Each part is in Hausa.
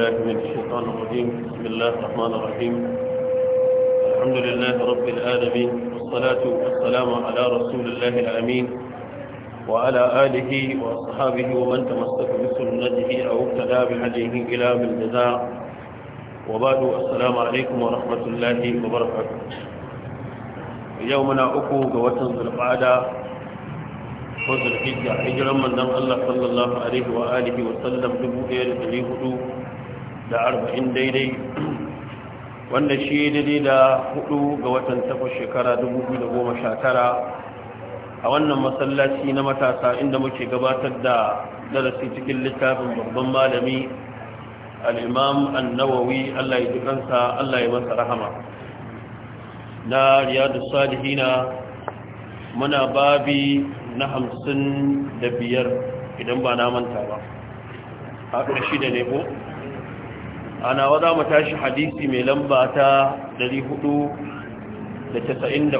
بالله من الشيطان الرجيم بسم الله الرحمن الرحيم الحمد لله رب العالمين والصلاة والسلام على رسول الله الأمين وعلى آله وأصحابه ومن تمسك بسنته أو ابتدى بهديه إلى من جزاء وبعد السلام عليكم ورحمة الله وبركاته يومنا أكو وتنزل ذو القعدة وذو الحجة هجرا من دم الله صلى الله عليه وآله وسلم دبوئي لتليه da arba'in daidai wanda shi daidai da hudu ga watan takwas shekara tara, a wannan masallaci na matasa inda muke gabatar da darasi cikin littafin babban malami al'imam annawawi Allah ya dukansa Allah ya masa rahama na riyadu salihina muna babi na hamsin da biyar idan ba na manta ba a shida ne ko ana wa za mu tashi hadisi mai lamba ta 493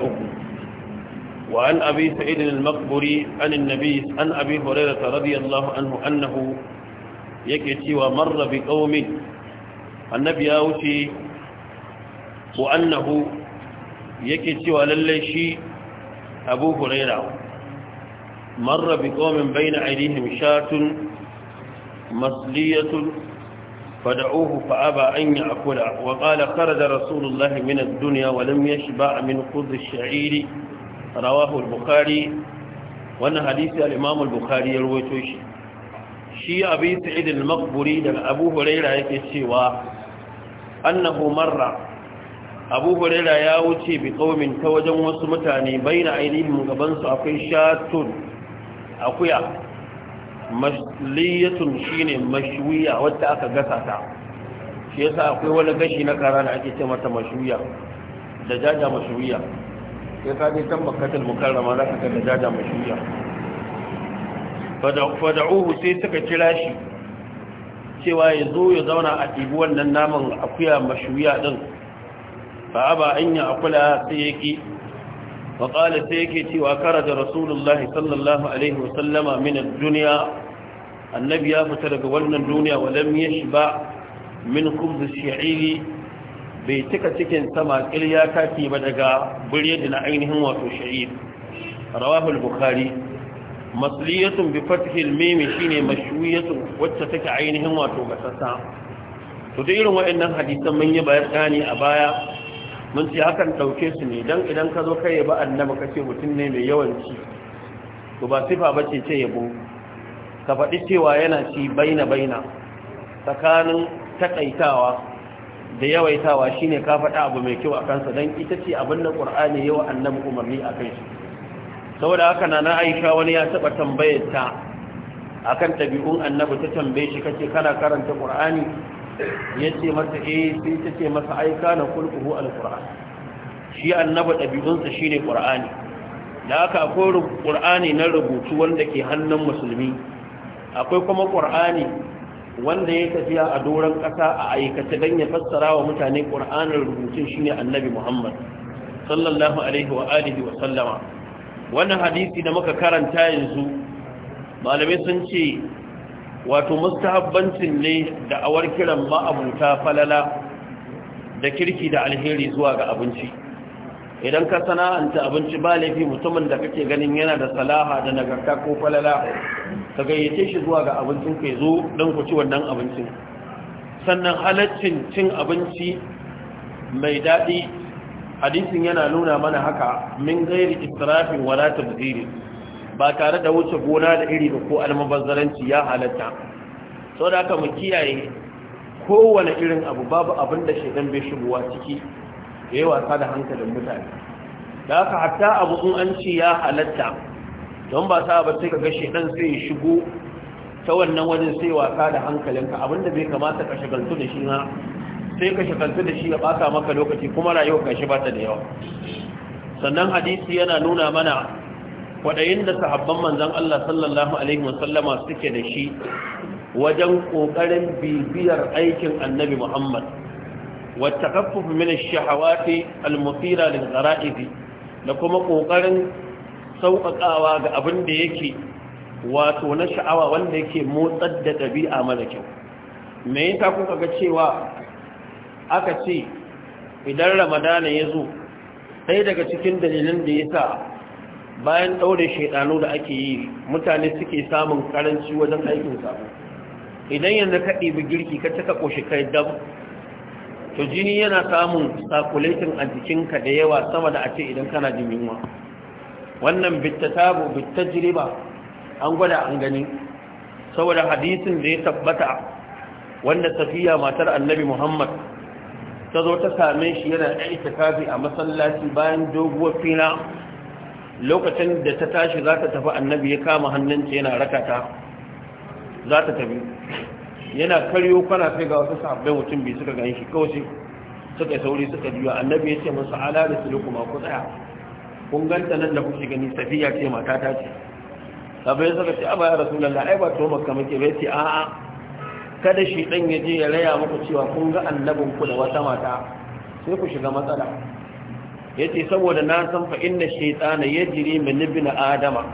wa an abi sa'idin al-maqburi an annabi an abi hurayra radiyallahu anhu annahu yake cewa marra bi qaumin annabi ya wuce wa annahu yake cewa lalle shi abu hurayra marra bi qaumin bayna aydihim shatun masliyatun فدعوه فأبى أن يأكل وقال خرج رسول الله من الدنيا ولم يشبع من خذ الشعير رواه البخاري وأن حديث الإمام البخاري يرويته شي أبي سعيد المقبري دل أبو هريرة يكسوا أنه مر أبو هريرة ياوتي بقوم توجم وسمتاني بين أيديهم قبنس أقوي شات أقوي masliyatun shine mashwiya wadda aka gasa ta shi yasa akwai wani gashi na kara da ake ce mata mashwiya da jaja mashwiya sai ka je kan makkatul mukarrama za ka ga da jaja mashwiya fada'uhu sai suka kira shi cewa ya zo ya zauna a ɗibi wannan naman akuya mashwiya ɗin. ba a ba an yi akula sai yake وقال سيكي وكرد رسول الله صلى الله عليه وسلم من الدنيا annabi ya fita daga wannan duniya walam ba min khubz shi'iri bai cika cikin sama ya kaki ba daga biredi na ainihin wato shi'ir rawahul bukhari masliyatun bi fathil mim shine mashwiyatun wacce take ainihin wato gasassa to da irin waɗannan hadisan mun yi bayani a baya mun ce hakan dauke su ne dan idan ka zo kai ba annabi kace mutum ne mai yawan ci. to ba sifa bace ce yabo ka faɗi cewa yana ci baina baina tsakanin takaitawa da yawaitawa shine ka faɗa abu mai kyau a kansa don ita ce abin da ƙur'ani wa annabi umarni a kan shi saboda haka na na aisha wani ya taɓa tambayar ta kan ɗabi'un annabi ta tambaye shi kace kana karanta ƙur'ani ya ce masa eh sai ta ce masa aika na kulkuhu alƙur'an shi annabi ɗabi'unsa ne ƙur'ani da haka akwai ƙur'ani na rubutu wanda ke hannun musulmi akwai kuma ƙur'ani wanda ya tafiya a doron ƙasa a aikace don ya fassara wa mutane ƙur'anin rubutun shine annabi muhammad sallallahu alaihi wa alihi wa sallama wannan hadisi da muka karanta yanzu malamai sun ce wato mustahabbancin ne da awar kiran ma'abuta falala da kirki da alheri zuwa ga abinci idan ka sana'anta abinci ba laifi mutumin da kake ganin yana da salaha da nagarta ko falala ka gayyace shi zuwa ga abincin ka zo don ku ci wannan abincin sannan halaccin cin abinci mai daɗi hadisin yana nuna mana haka min gairi israfin wala tabziri ba tare da wuce gona da iri da ko almabazzaranci ya halatta da aka mu kiyaye kowane irin abu babu abin da shaidan bai shigowa ciki yayi wasa da hankalin mutane da haka hatta abu in an ya halatta don ba sa ba sai ka gashi shedan sai ya shigo ta wannan wajen sai wasa da hankalinka abinda bai kamata ka shagaltu da shi na sai ka shagaltu da shi ya ɓata maka lokaci kuma rayuwa ka shi ta da yawa sannan hadisi yana nuna mana kwaɗayin da sahabban manzan Allah sallallahu alaihi wasallama suke da shi wajen ƙoƙarin bibiyar aikin annabi Muhammad والتخفف من الشهوات المثيرة da لكم قوقرن sauƙaƙawa ga abin da yake wato na sha'awa wanda yake motsar da ɗabi'a mara kyau me yasa kuka ga cewa aka ce idan ramadana ya zo sai daga cikin dalilan da ya sa bayan ɗaure shaidanu da ake yi mutane suke samun karanci wajen aikin sabo idan yanzu ka ɗibi girki ka cika ƙoshi kai dab to jini yana samun circulating a jikinka da yawa sama da a ce idan kana jin yunwa wannan bitta tabo bitta jiriba an gwada an gani saboda hadisin da ya tabbata wanda safiya matar annabi muhammad ta zo ta same shi yana aiki kafi a masallaci bayan doguwar fina lokacin da ta tashi za ta tafi annabi ya kama hannunta yana rakata za ta tafi yana karyo kwana sai ga wasu sahabbai mutum bai suka gani shi kawai sai suka sauri suka juya annabi ya ce musu ala da sulu kuma ku tsaya kun ganta nan da kuke gani safiya ce mata ta ce sabai saka ce aba ya rasulullah ai ba to makka muke bai ce a'a kada shi dan ya je ya raya muku cewa kun ga annabin ku da wata mata sai ku shiga matsala yace saboda na san fa inna shaytana yajri min ibn adama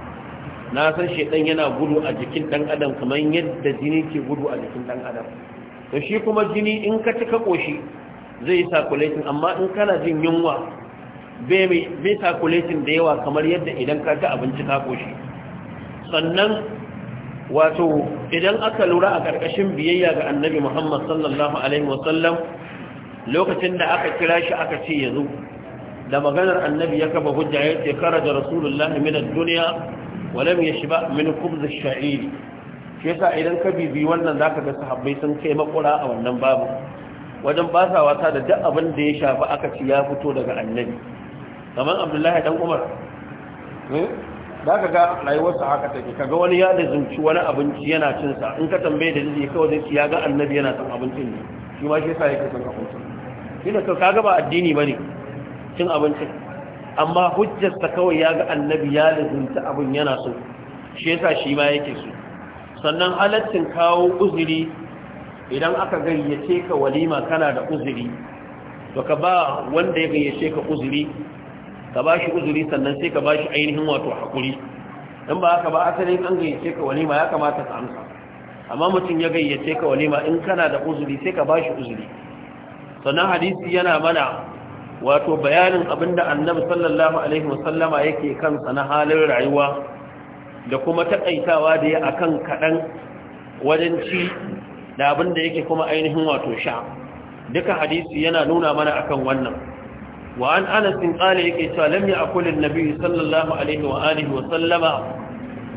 na san ɗan yana gudu a jikin dan adam kamar yadda jini ke gudu a jikin dan adam to shi kuma jini in ka ci ka koshi zai circulating amma in kana jin yunwa bai bai circulating da yawa kamar yadda idan ka ci abinci ka koshi sannan wato idan aka lura a karkashin biyayya ga annabi Muhammad sallallahu alaihi wasallam lokacin da aka kira shi aka ce yazo da maganar annabi ya kaba hujja ya ce kharaja rasulullahi min ad-dunya walam yashba min khubz ash-sha'ir idan ka bibi wannan zaka ga sahabbai sun kai makura a wannan babu wajen ba sa wasa da duk abin da ya shafi aka ci ya fito daga annabi kamar abdullahi dan umar hmm? zaka ga rayuwarsa haka take kaga wani ya lazumci wani abinci yana cin sa in ka tambaye da zai kawai zai ci ya ga annabi yana son abincin ne shi ma shi yasa yake son abincin shi ne ga ba addini bane cin abincin amma hujjarsa kawai ya ga annabi ya lizinta abin yana so shi yasa shi ma yake so sannan halattin kawo uzuri idan aka gayyace ka walima kana da uzuri to ka ba wanda ya gayyace ka uzuri ka ba shi uzuri sannan sai ka ba shi ainihin wato hakuri, in ba haka ba asalin an gayyace ka walima ya kamata ka amsa amma mutum ya gayyace ka walima in kana da uzuri sai ka ba shi uzuri sannan hadisi yana mana wato bayanin abinda annabi sallallahu alaihi wasallama yake kansa na halin rayuwa da kuma taƙaitawa da ya akan kaɗan wajen ci da abinda yake kuma ainihin wato sha duka hadisi yana nuna mana akan wannan wa an anasin bin yake cewa lam a an-nabi sallallahu alaihi wa alihi sallama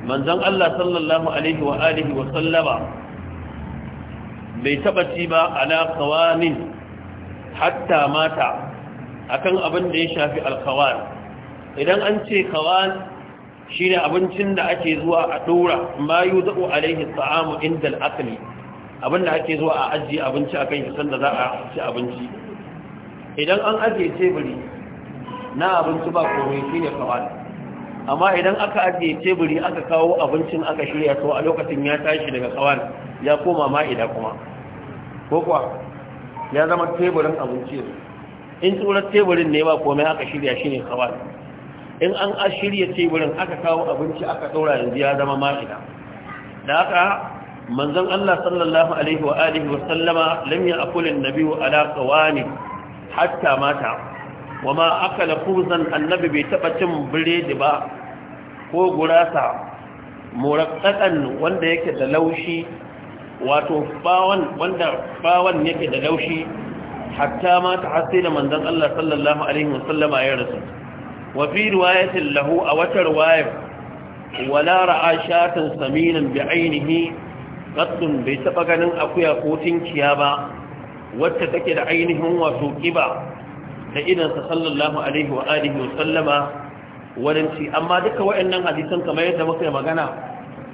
Allah sallallahu alaihi wa alihi sallama bai taɓa ci ba ala qawamin hatta mata akan abin da ya shafi alkawar idan an ce kawan shi ne abincin da ake zuwa a ɗora ma yi zaɓo laihi sa'amu inda al'akali abin da ake zuwa a ajiye abinci a kan shi da za a ci abinci idan an ajiye teburi na abinci ba komai shi ne kawan amma idan aka ajiye teburi aka kawo abincin aka shirya to a lokacin ya tashi daga kawan ya koma ma'ida kuma ko kuwa ya zama teburin abinci yanzu in tsurar teburin ne ba komai aka shirya shi ne kawai in an shirya teburin aka kawo abinci aka ɗaura yanzu ya zama ma'ina da haka manzon Allah sallallahu alaihi wa alihi wa sallama lam ya'kul an wa ala qawani hatta mata wama akala khubzan annabi bai taba cin biredi ba ko gurasa muraqqatan wanda yake da laushi wato bawan wanda bawan yake da laushi hatta ma ta hasse da manzon Allah sallallahu alaihi wasallama ya rasu wa fi riwayatin lahu a wata riwaya wala ra'a shatan saminan bi ainihi qattun bai taba ganin akuya ko tinkiya ba wacce take da ainihin wato kiba da idansa sallallahu alaihi wa alihi wasallama wadanci amma duka wayannan hadisan kamar yadda muka yi magana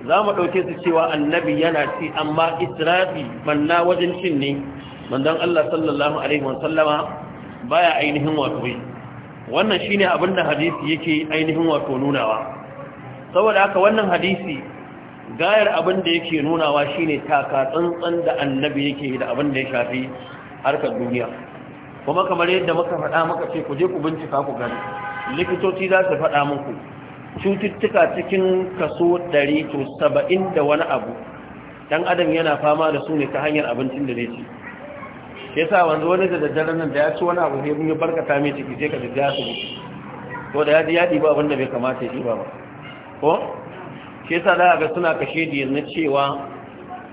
za mu ɗauke su cewa annabi yana ci amma israfi banna wajen cin ne manzon Allah sallallahu alaihi wasallama baya ainihin wato yi wannan shine abin da hadisi yake ainihin wato nunawa saboda haka wannan hadisi gayar abin da yake nunawa shine taka tsantsan da annabi yake da abin da ya shafi harkar duniya kuma kamar yadda muka faɗa maka ce ku je ku bincika ku gani likitoci za su faɗa muku cututtuka cikin kaso ɗari to saba'in da wani abu dan adam yana fama da su ne ta hanyar abincin da zai ci sa wanzu wani da daddare nan da ya ci wani abu sai ya barkata mai ciki sai ka da ya su ko da ya ji ya ɗiba abin da bai kamata ya ɗiba ba ko ke sa za a ga suna kashe da na cewa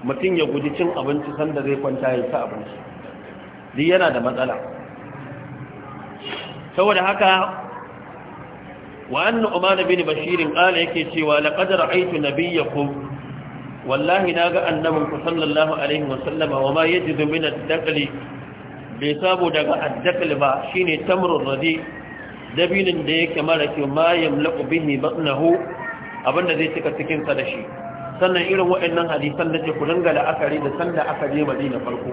mutum ya guji cin abinci sanda zai kwanta ya sa abinci duk yana da matsala saboda haka wa annu umana bin bashirin qala yake cewa laqad ra'aytu nabiyyakum wallahi na ga annabin sallallahu alaihi wasallama wa ma yajidu min ad bai sabo daga ad-daqli ba shine tamrul radi dabinin da yake mara kyau ma yamlaqu bihi batnahu abinda zai cika cikin sa da shi sannan irin waɗannan hadisan da ce ku dinga la'akari da sanda aka je na farko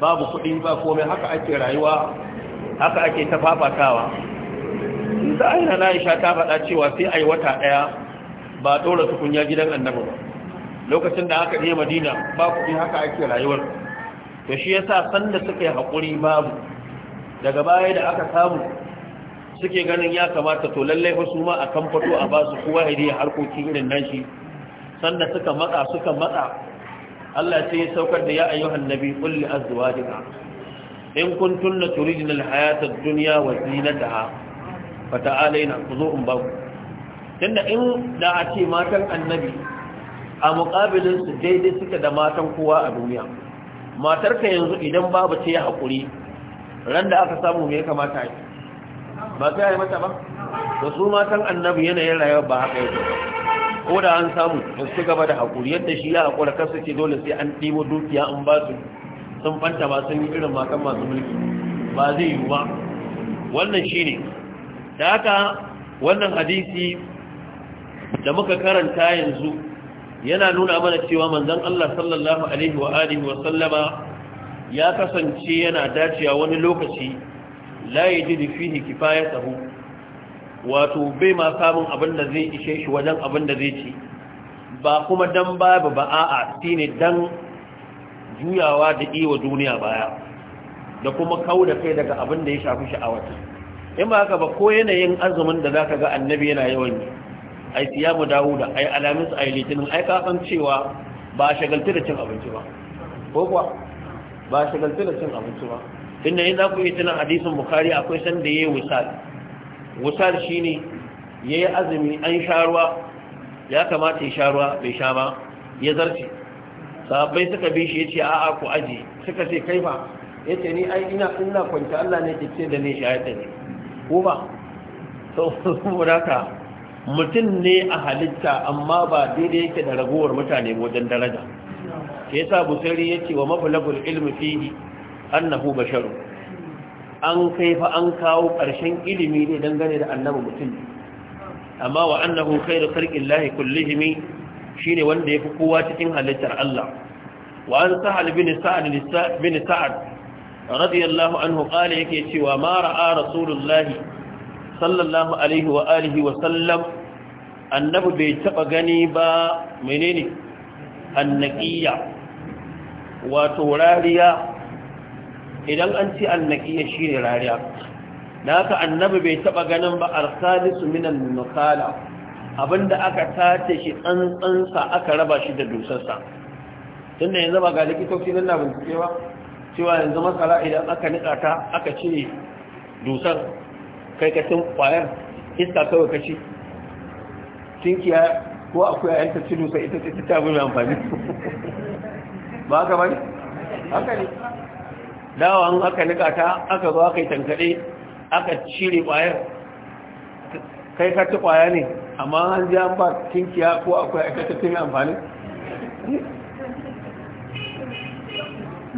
babu kuɗi ba komai haka ake rayuwa haka ake tafafatawa da aina na Aisha ta faɗa cewa sai a yi wata ɗaya ba ɗora tukunya gidan annabi ba lokacin da aka je madina ba kuɗi haka ake rayuwar da shi sa sanda suka yi haƙuri babu daga baya da aka samu suke ganin ya kamata to lallai fa su ma a kamfato a ba su kowa hidi harkokin irin nan shi sanda suka matsa suka matsa Allah sai ya saukar da ya ayyuhan nabi qul li azwajika in kuntunna turidna alhayata ad-dunya wa zinataha fata'alaina khuzu'un babu tunda in da a ce matan annabi a muƙabilinsu daidai suka da matan kowa a duniya matarka yanzu idan babu ce ya haƙuri ran da aka samu mai kamata yi ba ta yi mata ba da su matan annabi yanayin rayuwa ba haka yake ko da an samu da su gaba da haƙuri yadda shi ya haƙura kasu ce dole sai an ɗimo dukiya an ba su sun fanta ba sun yi irin matan masu mulki ba zai yi ba wannan shi ne da haka wannan hadisi da muka karanta yanzu yana nuna mana cewa manzon Allah sallallahu alaihi wa alihi wa sallama ya kasance yana dacewa wani lokaci la yajidu fihi kifayatahu wato bai ma samun abin da zai ishe shi wajen abin da zai ci ba kuma dan babu ba a'a shine dan juyawa da iwa duniya baya da kuma da kai daga abin da ya shafi sha'awata in ba haka ba ko yanayin azumin da zaka ga annabi yana yawan yi ai siyamu dawuda ai su ai litinin ai ka san cewa ba shagaltu da cin abinci ba ko kuwa ba shagaltu da cin abinci ba tunda yin za ku yi tunan hadisin bukari akwai san da ya yi wusal wusal shine ya yi azumi an sha ruwa ya kamata ya sha ruwa bai sha ba ya zarce sabai suka bi shi ya ce a'a ku aji suka ce kai ba ya ce ni ai ina ina kwanta Allah ne ke ce da ne shayata ne ko ba saboda haka mutum ne a halitta amma ba daidai yake da ragowar mutane wajen daraja ke sa busari ya ce wa mafalagul ilmi fihi annahu basharu an kai fa an kawo ƙarshen ilimi ne dangane da annabi mutum amma wa annahu khairu khalqillahi kullihim shine wanda ya fi kowa cikin halittar Allah wa an sahal bin sa'ad sa'ad radiyallahu anhu qala yake cewa mara a rasulullahi sallallahu alaihi wa alihi wa sallam annabi bai taba gani ba menene annaqiya wato rariya idan an ce annaqiya shine rariya naka annabi bai taba ganin ba arsalisu minan nukala abinda aka tace shi tsantsansa aka raba shi da dusarsa tunda yanzu ba ga likitoci nan na bincikewa cewa yanzu masara idan aka nika ta aka cire dusar kai ƙwayar kwayar iska kawai kashi tinkiya ko akwai a yanta cikin sai ita ce ta abin amfani ba haka bane haka ne dawa an aka nika ta aka zo aka yi tankade aka cire kwayar kai ka ci kwaya ne amma an ji an ba tinkiya ko akwai a ita ce amfani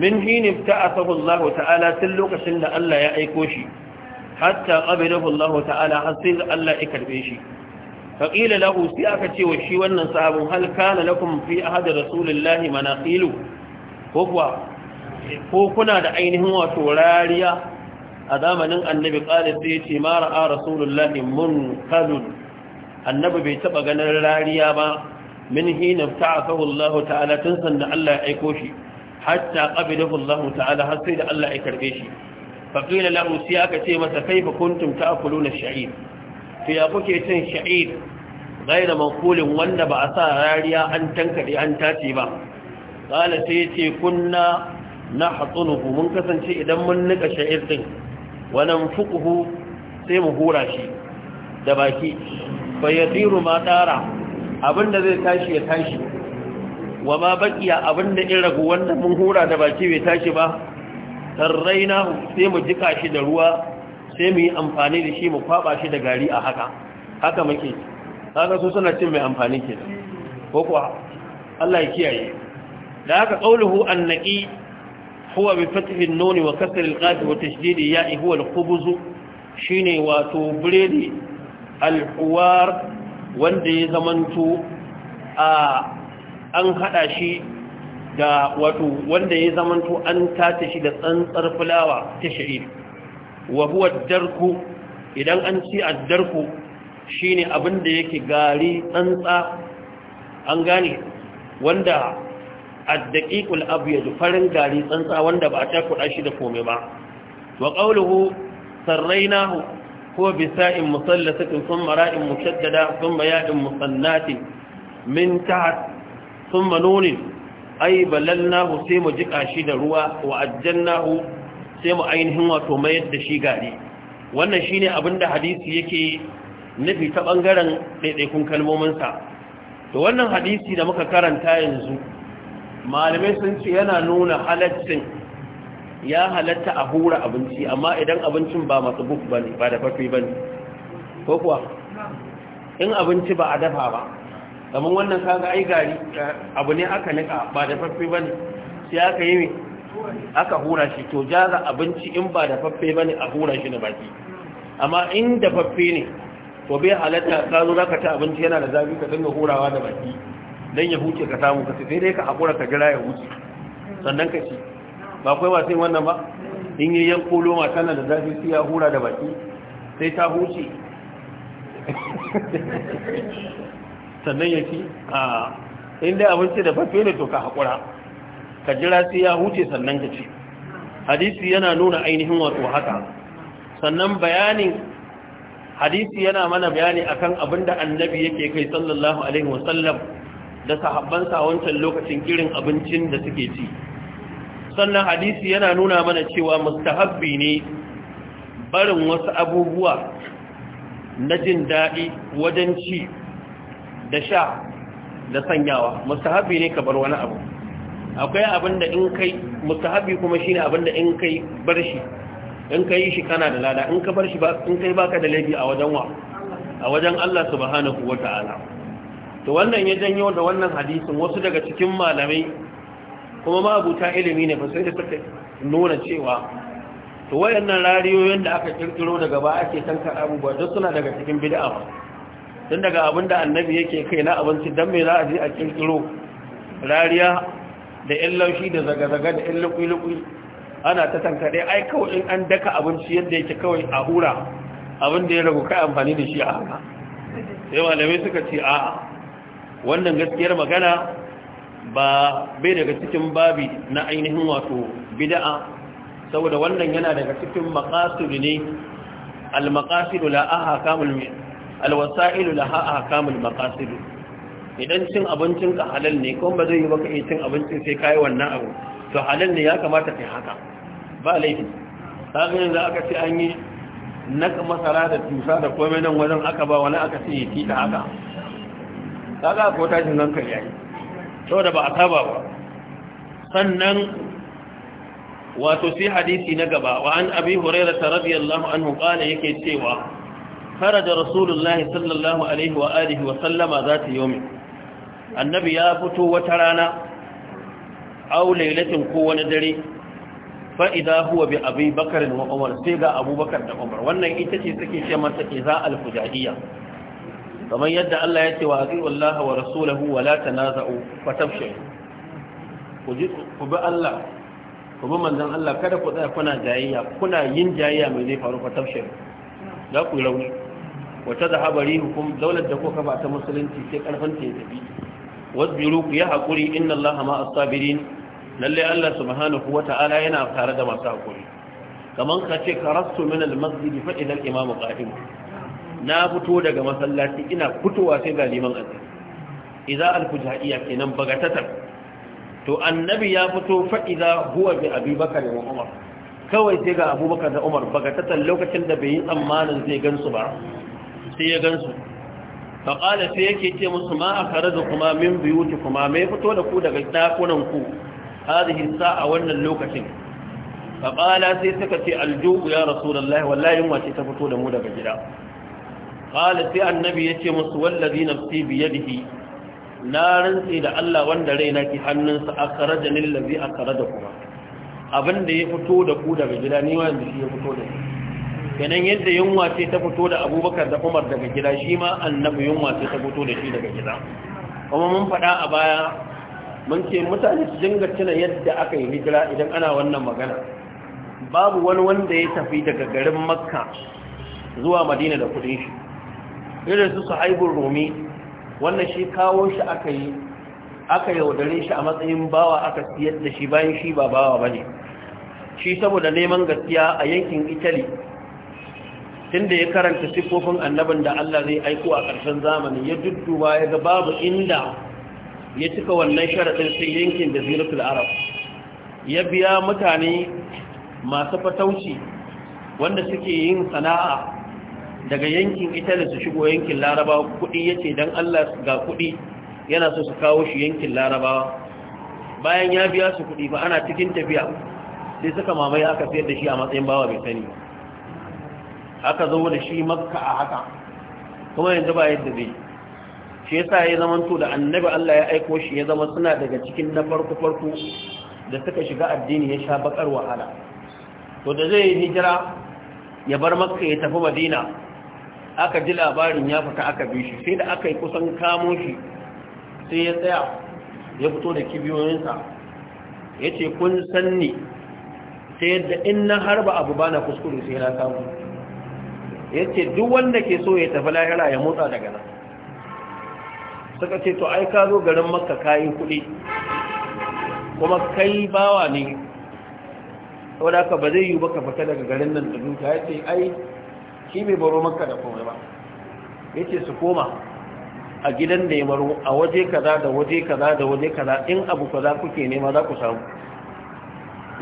min hinin ta'asahu Allah ta'ala tun lokacin da Allah ya aiko shi hatta qabilahu Allah ta'ala har sai Allah ya karbe shi faƙila lahu sai aka ce wa shi wannan sahabin halka na lakum fi ahadi mana manaqilu ko kuwa ko kuna da ainihin wato rariya a zamanin annabi qala sai ce mara ra'a rasulullahi munkalun annabi bai taɓa ganin rariya ba min hina ta'afahu Allah ta'ala tun sanda Allah ya aiko shi hatta qabilahu Allah ta'ala har sai da Allah ya karɓe shi faƙila lahu sai aka ce masa kaifa kuntum ta'kuluna na shair to ya kuke cin sha'ir gaira makulin wanda ba a sa rariya an tankade an tace ba kala sai ce kunna na hatsunuhu mun kasance idan mun nika sha'ir din wannan fukuhu sai mu hura shi da baki fayyadiru ma tsara abinda zai tashi ya tashi wa ma bakiya abinda in ragu wanda mun hura da baki bai tashi ba tarraina sai mu jika shi da ruwa sai mu yi amfani da shi mu kwaba shi da gari a haka haka muke haka su suna cin mai amfani ke da, ko kuwa Allah ya kiyaye da haka qauluhu Annaki, huwa bi fathi an-nun wa kasr al-qaf wa tashdid ya'i huwa al-khubuz shine wato biredi al-huwar wanda ya zamanto a an hada shi da wato wanda ya zamanto an tace shi da tsantsar fulawa ta sha'ir wa darku idan an ci addarku shine ne abinda yake gari tsantsa an gane wanda addaqiqul abyad farin gari tsantsa wanda ba ta kuɗa shi da komai ba wa qawluhu sarrainahu huwa bisa'in musallasatin in ra'in mushaddada thumma ya'in musannatin min taht thumma nunin ay balalnahu sai mu jiƙa shi da ruwa wa nahu! sai mu ainihin wato mayar da shi gari wannan shine abin da hadisi yake nufi ta bangaren ɗaiɗaikun kalmominsa to wannan hadisi da muka karanta yanzu malamai sun ce yana nuna halaccin ya halatta a hura abinci amma idan abincin ba masu buk ba ne ba da fafi ba ne ko kuwa in abinci ba a dafa ba kamar wannan kaga ai gari eh, abu ne aka nika ba da fafi ba ne sai aka yi mai aka hura shi to jaza abinci in ba da faffe ba ne a hura shi na baki amma in da faffe ne to bai halatta ka zo za ka ta abinci yana da zafi ka dinga hurawa da baki dan ya huce ka samu ka sai dai ka haƙura ka jira ya huce sannan ka ci ba kai ba sai wannan ba in yi kolo ma tana da zafi sai ya hura da baki sai ta huce sannan ya ci a ah, inda abinci da faffe ne to ka haƙura ka jira sai ya huce sannan ka ci hadisi yana nuna ainihin wato haka sannan bayani hadisi yana mana bayani akan abinda annabi yake kai sallallahu alaihi wasallam da sahabbansa a wancan lokacin irin abincin da suke ci sannan hadisi yana nuna mana cewa mustahabbi ne barin wasu abubuwa na jin daɗi wajen ci da sha da sanyawa mustahabbi ne ka bar wani abu akwai abin da in kai mustahabi kuma shine abin da in kai bar shi in kai shi kana da lada in ka bar shi ba in kai baka da laifi a wajen wa a wajen Allah subhanahu wata'ala to wannan ya janyo da wannan hadisin wasu daga cikin malamai kuma mabuta ilimi ne ba sai da suka nuna cewa to wayannan rariyoyin da aka kirkiro daga ba ake tankar abubuwa duk suna daga cikin bid'a ba tun daga abin da annabi yake kai na abinci dan me za a je a kirkiro rariya da ƴan laushi da zaga-zaga da ƴan lukui ana ta tankaɗe ai kawai in an daka abinci yadda yake kawai a hura abin da ya ragu kai amfani da shi a haka sai malamai suka ce a'a wannan gaskiyar magana ba bai daga cikin babi na ainihin wato bida'a saboda wannan yana daga cikin maqasid ne al-maqasid la ahkamul al-wasa'il la ahkamul maqasid idan cin abincin ka halal ne kuma ba zai yi baka iya cin abincin sai kai wannan abu to halal ne ya kamata kai haka ba laifi sabin da aka ce an yi naka masara da tusa da komai nan wajen aka ba wani aka ce yi ta haka kaga ko tashin hankali yayi da ba a saba ba sannan wato sai hadisi na gaba wa an abi hurairah radiyallahu anhu qala yake cewa faraja rasulullahi sallallahu alaihi wa alihi wa sallama zata yawmi annabi ya fito wata rana au lailatin ko wani dare fa idza huwa bi abi bakr wa umar sai ga abubakar da umar wannan ita ce take ce masa iza al-fujadiyya kamar yadda Allah ya ce wa atiu Allah wa rasuluhu wa la tanaza'u fa tafshu ku ji ku bi Allah ku bi manzon Allah kada ku tsaya kuna jayayya kuna yin jayayya mai zai faru fa tafshu za ku rauni wa tadhhabu rihukum daular da kuka ba ta musulunci sai karfin ta tafi wasbiru ku yi haƙuri inna Allah ma asabirin lalle Allah subhanahu ta'ala yana tare da masu haƙuri Kamar ka ce karastu min al-masjid fa idan imam qa'im na fito daga masallaci ina fitowa sai ga liman azan idza al-fujaiya kenan bagatatar to annabi ya fito fa idza huwa bi abubakar wa umar kawai sai ga abubakar da umar bagatatar lokacin da bai yi tsammanin zai gansu ba sai ya gansu faƙala sai yake ce musu ma a kare da kuma min biyuti kuma mai fito da ku daga ɗakunan ku hazihi a wannan lokacin faƙala sai suka ce aljuhu ya rasu da Allah wallahi wace ta fito da mu daga gida ƙala sai annabi ya ce musu wallazi nafsi biyadihi na rantse da Allah wanda raina ke hannunsa a kare da nillazi a kare da kuma abin da ya fito da ku daga gida ni wanda shi ya fito da ku kenan yadda yunwa ce ta fito da abubakar da umar daga gida shi ma annabi yunwa ce ta fito da shi daga gida kuma mun faɗa a baya mun ce mutane su dinga tuna yadda aka yi hijira idan ana wannan magana babu wani wanda ya tafi daga garin makka zuwa madina da kudin shi irin su sahaibun rumi wannan shi kawo shi aka yi aka yaudare shi a matsayin bawa aka siyar da shi bayan shi ba bawa ba ne shi saboda neman gaskiya a yankin italy tunda ya karanta siffofin annabin da Allah zai aiko a ƙarshen zamani ya dudduba ya ga babu inda ya cika wannan sharaɗin sai yankin da ziratul arab ya biya mutane masu fatauci wanda suke yin sana'a daga yankin italy su shigo yankin larabawa kuɗi ya ce don Allah ga kuɗi yana so su kawo shi yankin larabawa bayan ya biya su kuɗi ba ana cikin tafiya sai suka mamaye aka sayar da shi a matsayin bawa mai sani aka zo da shi makka a haka kuma yanzu ba yadda zai shi yasa ya zamanto da annabi Allah ya aiko shi ya zama suna daga cikin na farko farko da suka shiga addini ya sha bakar wahala to da zai hijira ya bar makka ya tafi madina aka ji labarin ya fita aka bi shi sai da aka yi kusan kamo shi sai ya tsaya ya fito da kibiyoyinsa ya ce kun sanni sai yadda in na harba abu bana kuskure sai na samu ya ce duk wanda ke so ya tafi lahira ya motsa daga nan suka ce to ai ka zo garin makka kayi kuɗi kuma kai bawa ne wadda haka ba zai yi ka fita daga garin nan da ya ce ai shi bai baro makka da komai ba ya ce su koma a gidan da ya maro a waje kaza da waje kaza da waje kaza in abu kaza kuke nema za ku samu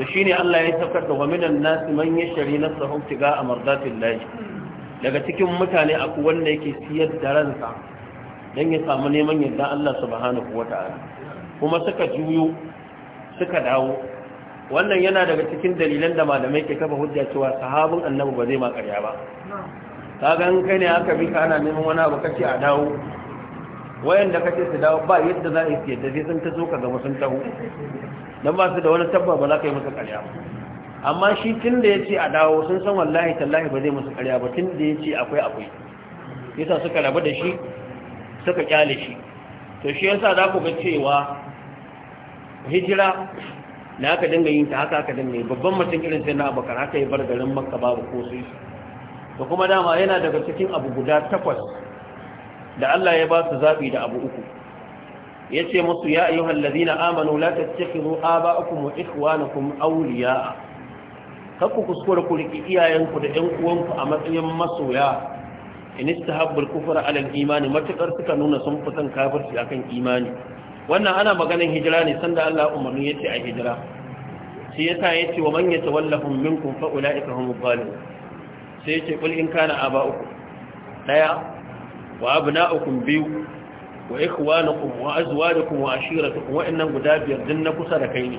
da shi ne Allah ya saukar da waminan nasu man ya shari na sahun shiga a mardatin laji daga cikin mutane akwai wanda yake siyar da ransa don ya samu neman yadda Allah subhanahu wata'ala kuma suka juyo suka dawo wannan yana daga cikin dalilan da malamai ke kafa hujja cewa sahabin annabi ba zai ma ba Ka ga kai ne aka bi ka ana neman wani abu kace a dawo wayanda kace su dawo ba yadda za a yi da sai sun ta zo ka ga sun taho dan ba su da wani tabba ba za ka yi musu ƙarya ba amma shi tun da ya ce a dawo sun san wallahi tallahi ba zai musu karya ba tun da ya ce akwai akwai yasa suka rabu da shi suka kyale shi to shi yasa za ku ga cewa hijira na aka dinga yin ta haka aka dinga babban mutum irin sai na abokan, haka yi bar garin makka babu ko su To kuma dama yana daga cikin abu guda takwas da Allah ya ba su zaɓi da abu uku ya ce musu ya ayyuhan lazina amanu la tattakhidhu aba'akum wa ikhwanakum awliya'a kakku kuskure ku riki iyayenku da ƴan uwanku a matsayin masoya in istahabbul kufra ala imani matakar suka nuna sun fi son kafirci akan imani wannan ana maganin hijira ne sanda Allah umarni yace a hijira sai yasa yace wa man yatawallahum minkum fa ulaika humul zalimun sai yace kul in kana aba'ukum daya wa abna'ukum biyu wa ikhwanukum wa azwajukum wa ashiratukum wa innan guda biyar din na kusa da kai ne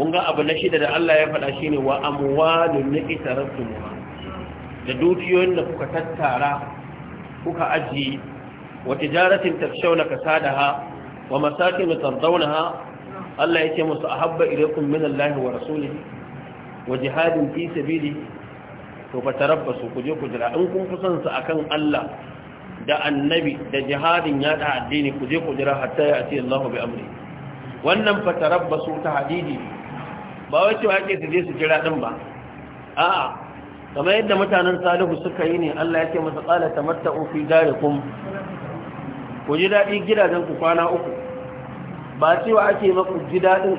kun ga abu na shida da Allah ya faɗa shine wa amwalun niqtartum da dukiyoyin da kuka tattara kuka ajiye wa tijaratin tafshawna ha? wa masakin tardawnaha Allah ce musu a ilaykum min Allah wa rasulihi wa jihadin fi sabilihi to fatarabbasu ku je ku jira in kun kusan su akan Allah da annabi da jihadin yada addini ku je ku jira hatta ya ati Allah bi amri wannan su ta hadidi ba wai cewa ake su je su jira din ba a'a kamar yadda mutanen salihu suka yi ne Allah ya ce masa qala tamatta'u fi darikum ku ji daɗi gidajen ku kwana uku ba cewa ake maku ji daɗin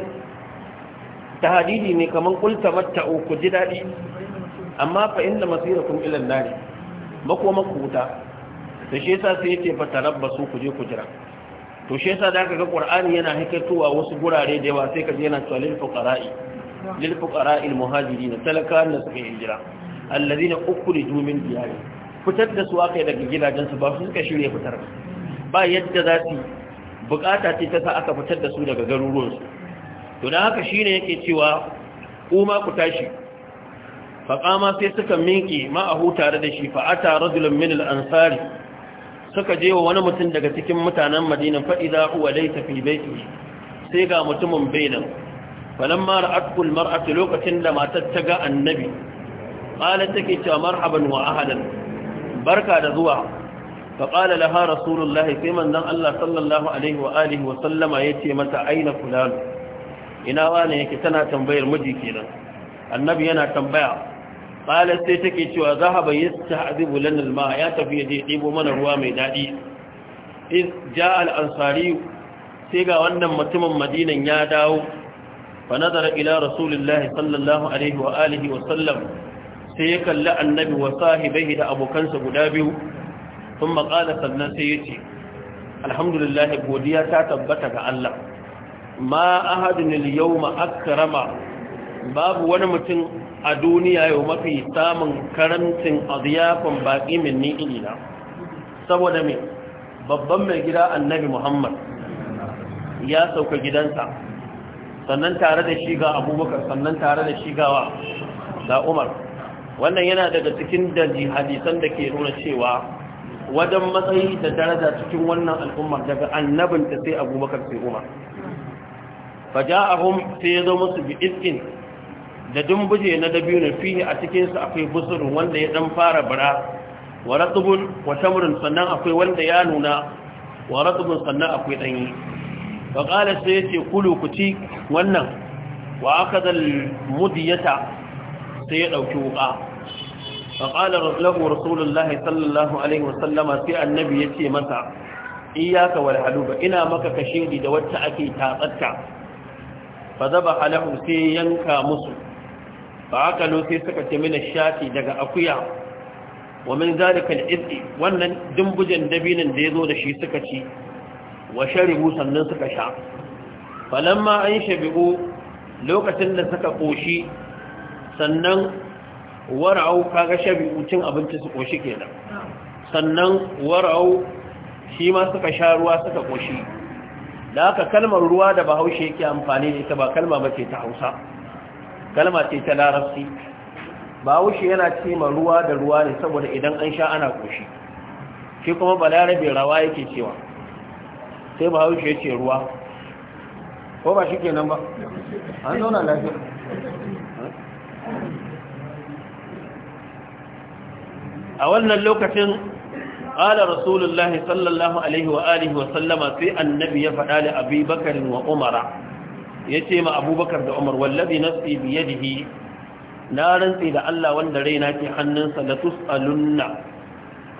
hadidi ne kamar ta tamatta'u ku ji daɗi amma fa inna masirakum ila an Ba makoma maka wuta to shi yasa sai yace fa tarabbasu ku je ku jira to shi yasa da ga qur'ani yana hikaitowa wasu gurare da yawa sai ka je yana tsalil fuqara'i lil fuqara al muhajirin talakan da suka hijira alladhina ukhriju min fitar da su aka daga gidajen su ba su suka shirye fitar ba yadda za su bukata ce ta sa aka fitar da su daga garuruwansu. to dan haka shine yake cewa kuma ku tashi faqama sai suka minki ma'ahu tare da shi fa ata rajulun min al ansari suka je wa wani mutum daga cikin mutanen madina fa'iza huwa laita fi baiti sai ga mutumin bainan falan mara atkul mar'atu lokacin da matar ta ga annabi ƙala take cewa marhaban wa barka da zuwa fa ƙala laha rasulullah sai manzon Allah sallallahu alaihi wa wa sallama yace mata aina fulan ina wani yake tana tambayar miji kenan annabi yana tambaya ƙala sai take cewa zahaba yastahdibu lana alma ya tafi yaje ɗebo mana ruwa mai daɗi iz ja al ansari sai ga wannan mutumin madinan ya dawo فنظر إلى رسول الله صلى الله عليه وآله وسلم سيكل النبي وصاحبه لأبو كنس قدابه ثم قال سنة سيتي الحمد لله بوديا تتبتك الله ما أحد اليوم أكرم باب ونمتن أدوني يوم في سامن كرمت أضيافا باقي مني إلينا سوى دمي babban mai gida annabi Muhammad ya sauka gidansa sannan tare da shi ga abubakar sannan tare da shi gawa da umar wannan yana daga cikin da hadisan da ke nuna cewa wajen matsayi da daraja cikin wannan al'umma, daga annabinta sai abubakar sai umar faja'ahum sai ya zo musu bi iskin da dumbuje na dabino fiye a cikinsu akwai busurun wanda ya dan fara bara wa ratubun wa tamrun sannan akwai wanda ya nuna wa ratubun sannan akwai danyi faƙala sai ya ce kulu ku ci wannan wa aka zal mudiyata sai ya ɗauki wuƙa faƙala lahu rasulullahi sallallahu alaihi wasallama sai annabi ya ce masa iyaka wal haluba ina maka kashiri da wacce ake tatsatta fa zabaha lahu sai yanka musu Ba aka sai suka ce mina shafi daga akuya wa min zalika al wannan dumbujan dabinin da yazo da shi suka ci wa sharibu sannan suka sha falamma an shabi'u lokacin da suka koshi sannan wara'u kaga shabi'u cin abinci su koshi kenan sannan wara'u shi ma suka sha ruwa suka koshi da aka kalmar ruwa da bahaushe yake amfani da ita ba kalma bace ta Hausa kalma ce ta larabci bahaushe yana ce ruwa da ruwa ne saboda idan an sha ana koshi shi kuma balarabe rawa yake cewa sai ba haushe ya ce ruwa ko ba shi ke nan ba an zauna lafiya a wannan lokacin ƙala rasulullahi sallallahu alaihi wa alihi wa sallama sai annabi ya faɗa da abubakarin wa umara ya ce ma abubakar da umar wallabi nasi biyadihi na rantsi da Allah wanda raina ke hannunsa la tus'alunna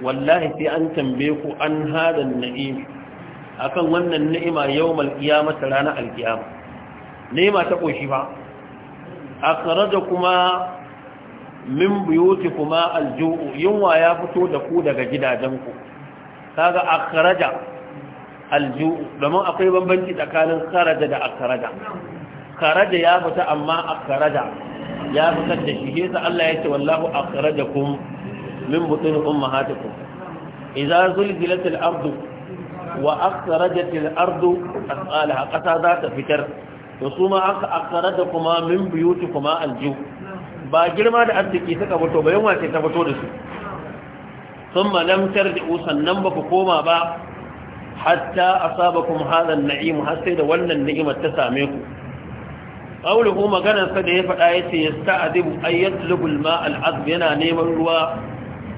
wallahi sai an tambaye ku an hadan na'im akan wannan ni'ima yawmal qiyamah ranar alqiyama ni'ima ta koshi ba akhraja kuma min kuma alju'u yunwa ya fito da ku daga gidajenku kaga akhraja alju'u domin akwai bambanci tsakanin kharaja da a akhraja kharaja ya fita amma a akhraja ya fitar da shi yasa Allah ya ce wallahu akhrajakum min butun ummahatikum idza zulzilatil abdu. wa akhrajatil ardu asalaha kasa za ta fitar to su ma aka da kuma min buyuti kuma aljiu ba girma da arziki suka fito ba yawa ce ta fito da su thumma lam tarji'u sannan ba ku koma ba hatta asabakum hadha an-na'im har sai da wannan ni'imar ta same ku qawluhu maganar sa da ya faɗa yace yasta'dibu ayyatlubu al-ma'a al-azb yana neman ruwa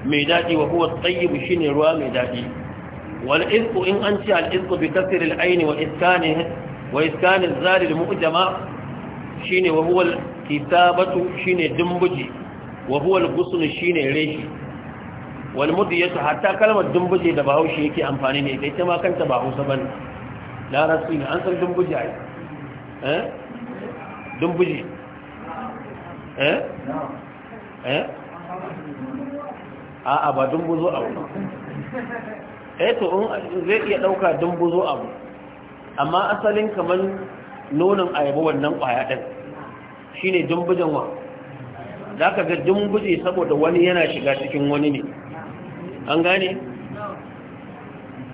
mai daɗi wa huwa at-tayyib shine ruwa mai daɗi والإذق إن أنت الإذق بكسر العين وإسكانه وإسكان الزار المؤجمة شين وهو الكتابة شين دمبجي وهو القصن شين ريشي والمضية حتى كلمة دمبجي دباهو شيكي أنفانيني ليتما كانت باهو سبن لا رسول أنسى دمبجي عايز أه؟ دمبجي أه؟ أه؟ أه؟ أه؟ أه؟ eh to in zai iya dauka dumbuzo abu amma asalin kamar nonon ayaba wannan kwaya din shine dumbujan wa zaka ga dumbuje saboda wani yana shiga cikin wani ne an gane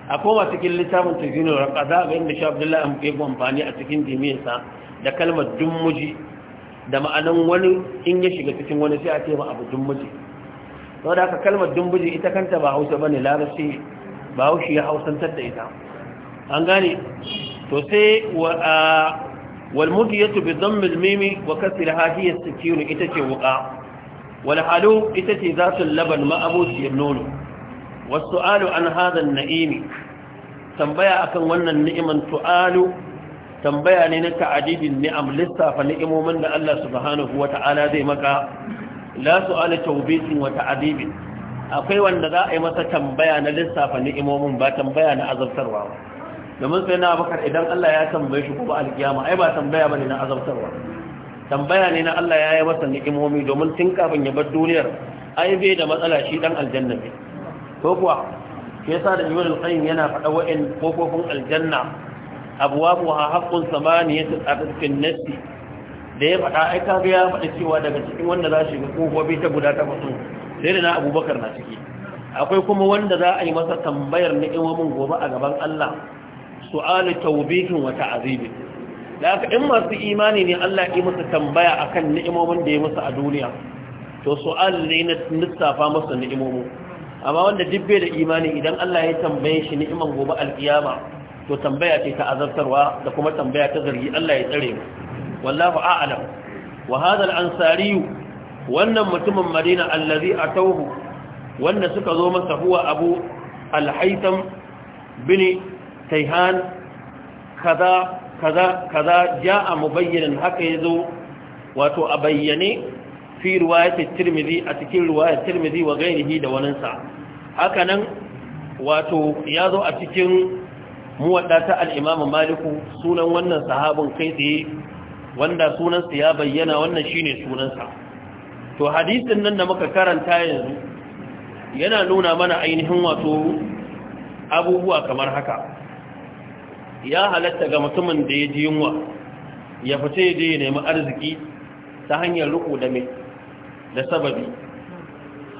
a koma cikin littafin tafiyar raka za a ga yadda shabdullah an fi amfani a cikin dimiyarsa da kalmar dummuji da ma'anin wani in ya shiga cikin wani sai a ce ma abu dummuji sau da aka kalmar dummuji ita kanta ba hausa ba ne larabci ba wushi ya hausantar da ita an gane to sai walmudiyatu bi dhammil mimi wa kasriha hiya as-sikir ita ce wuqa wal halu ita ce zatul laban ma abuci nono wasu'alu an hadha an-na'imi tambaya akan wannan ni'iman tu'alu tambaya ne na ta'adidin ni'am lissafa ni'imomin da Allah subhanahu wata'ala zai maka la su'ala tawbitin wa ta'adibin akwai wanda za a yi masa tambaya na lissafa ni'imomin ba tambaya na azabtarwa ba domin sai na bakar idan Allah ya tambaye shi kuma alkiyama ai ba tambaya bane na azabtarwa tambaya ne na Allah ya yi masa ni'imomi domin tun kafin ya bar duniyar ai bai da matsala shi dan aljanna ne ko kuwa shi yasa da Ibn al-Qayyim yana faɗa wa'in kofofin aljanna abwabuha haqqun samaniyatun atfin nafsi da ya faɗa ai ka ga ya faɗa cewa daga cikin wanda za shi kofofi ta guda ta musu sai da na abubakar na ciki akwai kuma wanda za a yi masa tambayar ni'imomin gobe a gaban Allah su'alu tawbihin wa ta'azibi da aka in masu imani ne Allah ya musu tambaya akan ni'imomin da ya musu a duniya to su'al ne na lissafa masa ni'imomi. amma wanda dibbe da imani idan Allah ya tambaye shi ni'iman gobe alkiyama to tambaya ce ta azabtarwa da kuma tambaya ta zargi Allah ya tsare mu wallahu a'lam wa hadha al-ansari wannan mutumin madina allazi atawhu wanda suka zo masa huwa abu al-haytham bin tayhan kaza kaza kaza jaa mubayyinan haka yazo wato a bayyane fi riwayati tirmidhi a cikin riwayat tirmidhi wa ghairihi da waninsa haka nan wato yazo a cikin muwadda Al'imamin al maliku sunan wannan sahabin kai tsaye wanda sunansa ya bayyana wannan shine sunansa to hadisin nan da muka karanta yanzu yana nuna mana ainihin wato abubuwa kamar haka ya halatta ga mutumin da ya ji yunwa ya fita ya je ya nemi arziki ta hanyar ruku da mai da sababi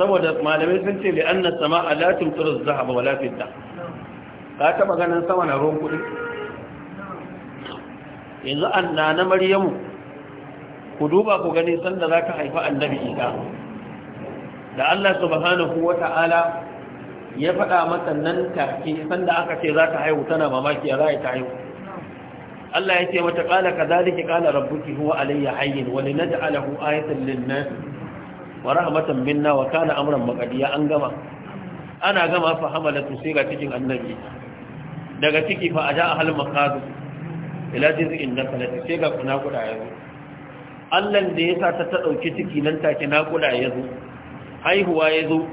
saboda malamai sun ce da annas sama a latin turus zahaba wa lafinta ka taba ganin sama na ruwan kudi yanzu anna na maryamu ku duba ku gani sanda za ka haifi annabi isa da allah subhanahu wa ta'ala ya faɗa mata nan take sanda aka ce za ta haihu tana mamaki ya za ta haihu Allah ya ce mata ƙala ka zalike ƙala rabbuki huwa alayya hayyin wa linaj'alahu ayatan lin-nas wa rahmatan minna wa kana amran maqdiya an gama ana gama fa hamalatu sai ga cikin annabi daga ciki fa aja ahal maqad ila jiz'in nakalati sai kuna kuda yau. allan da ya sa ta ta ɗauki ciki nan take kula ya zo haihuwa ya zo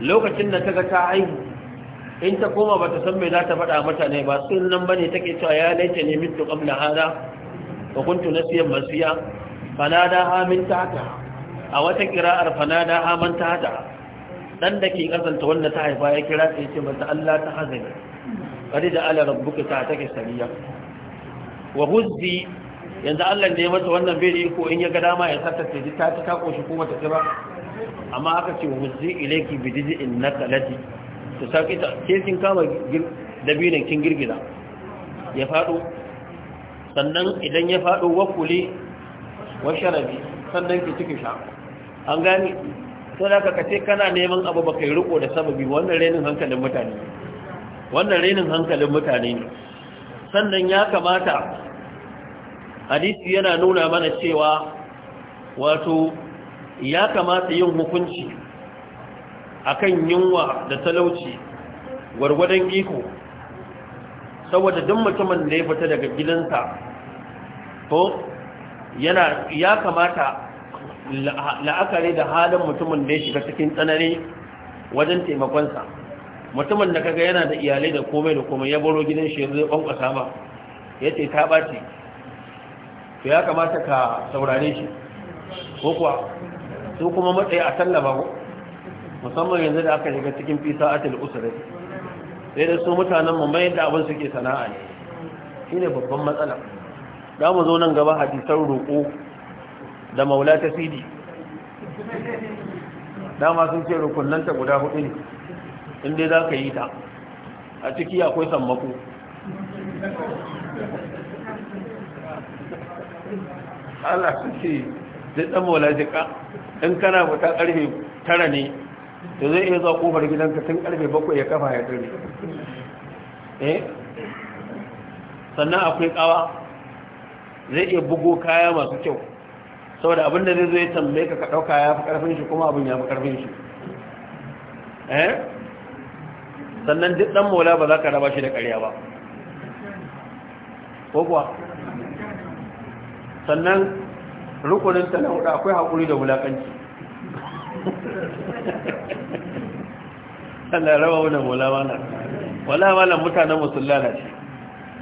lokacin da ta ga ta haihu in ta koma ba ta san mai za ta faɗa mutane ba sun nan ba ne take cewa ya laita ne mintu ƙamna hada ba kuntu na siyan masiya fanada ha min ta haka, a wata kira'ar fanada ha man ta haka, ɗan da ke ƙasanta wanda ta haifa ya kira ta ce mata allah ta hazari ƙari da ala rabbuka ta take sariya wa huzzi yanzu Allah ne mata wannan bai da iko in ya ga dama ya saka ce ta ci ta koshi kuma ta tsira. ba amma aka ce wuzi Ilaiki bi dijin nakalati to saki ta ke kin kama dabinin kin girgiza ya fado sannan idan ya fado wakuli wa sharabi sannan ki ciki sha an gani to da ka kace kana neman abu baka yi riko da sababi wannan renin hankalin mutane wannan renin hankalin mutane ne sannan ya kamata hadisi yana nuna mana cewa wato ya kamata yin hukunci akan yunwa da talauci gwargwadon iko saboda duk mutumin da ya fita daga gidansa to yana ya kamata la'akari da halin mutumin da ya shiga cikin tsanani wajen taimakonsa mutumin da kaga yana da iyalai da komai da komai ya baro gidan shi zai kwankwasa ba ya ce ta ɓaci to ya kamata ka saurare shi ko kuwa su kuma matsayi a tallaba musamman yanzu da aka shiga cikin fisa atil usurai sai da su mutanen mu da abin suke sana'a ne Shi ne babban matsala da mu zo nan gaba hadisar roƙo da maula ta sidi dama sun ce rukunnanta guda hudu ne in dai za ka yi ta a ciki akwai sammako Allah kace da dan mola jika in kana buta karfe tara ne to zai iya zuwa kofar gidanka tun karfe bakwai ya kafa ya dare eh sannan akwai kawa zai iya bugo kaya masu kyau saboda abin da zai zo ya tambaye ka ka dauka ya fi karfin shi kuma abin ya fi karfin shi eh sannan duk dan mola ba za ka raba shi da ƙarya ba ko kuwa sannan rukunin ta na hudu akwai haƙuri da wulaƙanci sannan raba wannan wulawana wulawana mutanen musulana ce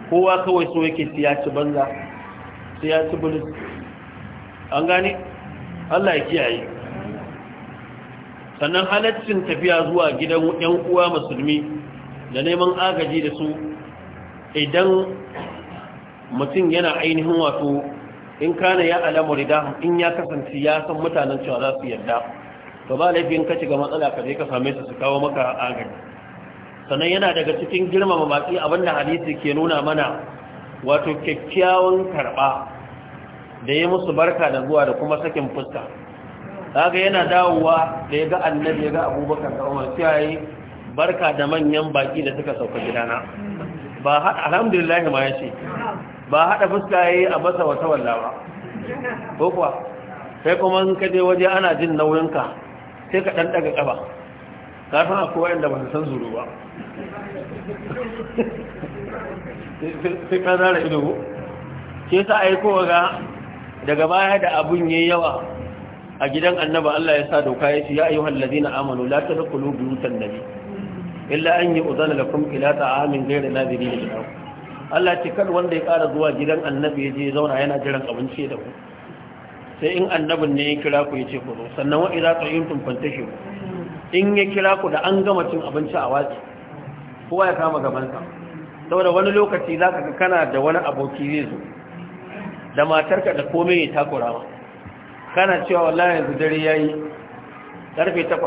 kowa kawai so yake siyaci banza siyaci bulis an gane Allah ya kiyaye sannan halaccin tafiya zuwa gidan yan uwa musulmi da neman agaji da su idan mutum yana ainihin wato in kana ya alamu rida in ya kasance ya san mutanen cewa za su yarda to ba laifin ka ga matsala ka je ka same su su kawo maka agaji sannan yana daga cikin girmama baki abinda hadisi ke nuna mana wato kyakkyawan karba da ya musu barka da zuwa da kuma sakin fuska kaga yana dawowa da ya ga annabi ya ga abubakar da umar sai barka da manyan baki da suka sauka gidana ba alhamdulillah ma ya ce ba haɗa fuska ya yi a basa wata walla ba ko kuwa sai kuma in ka waje ana jin nauyinka sai ka ɗan ɗaga ƙaba ka san akwai wanda ba su san zuru ba sai ka zara ido ke sa aiko ga daga baya da abun yayi yawa a gidan annaba Allah ya sa doka ya ce ya ayyuhal ladina amanu la tadkhulu buyutan nabi illa an yu'zana lakum ila ta'amin ghayra nadirin Allah ce kan wanda ya ƙara zuwa gidan annabi ya je zauna yana jiran abinci da ku sai in annabin ne ya kira ku ya ce ku zo sannan wa idza qayyitum fantashu in ya kira ku da an gama cin abinci a waje kowa ya kama gaban sa saboda wani lokaci zaka ga kana da wani aboki zai zo da matar ka da komai ya takura ma kana cewa wallahi yanzu dare yayi karfe 8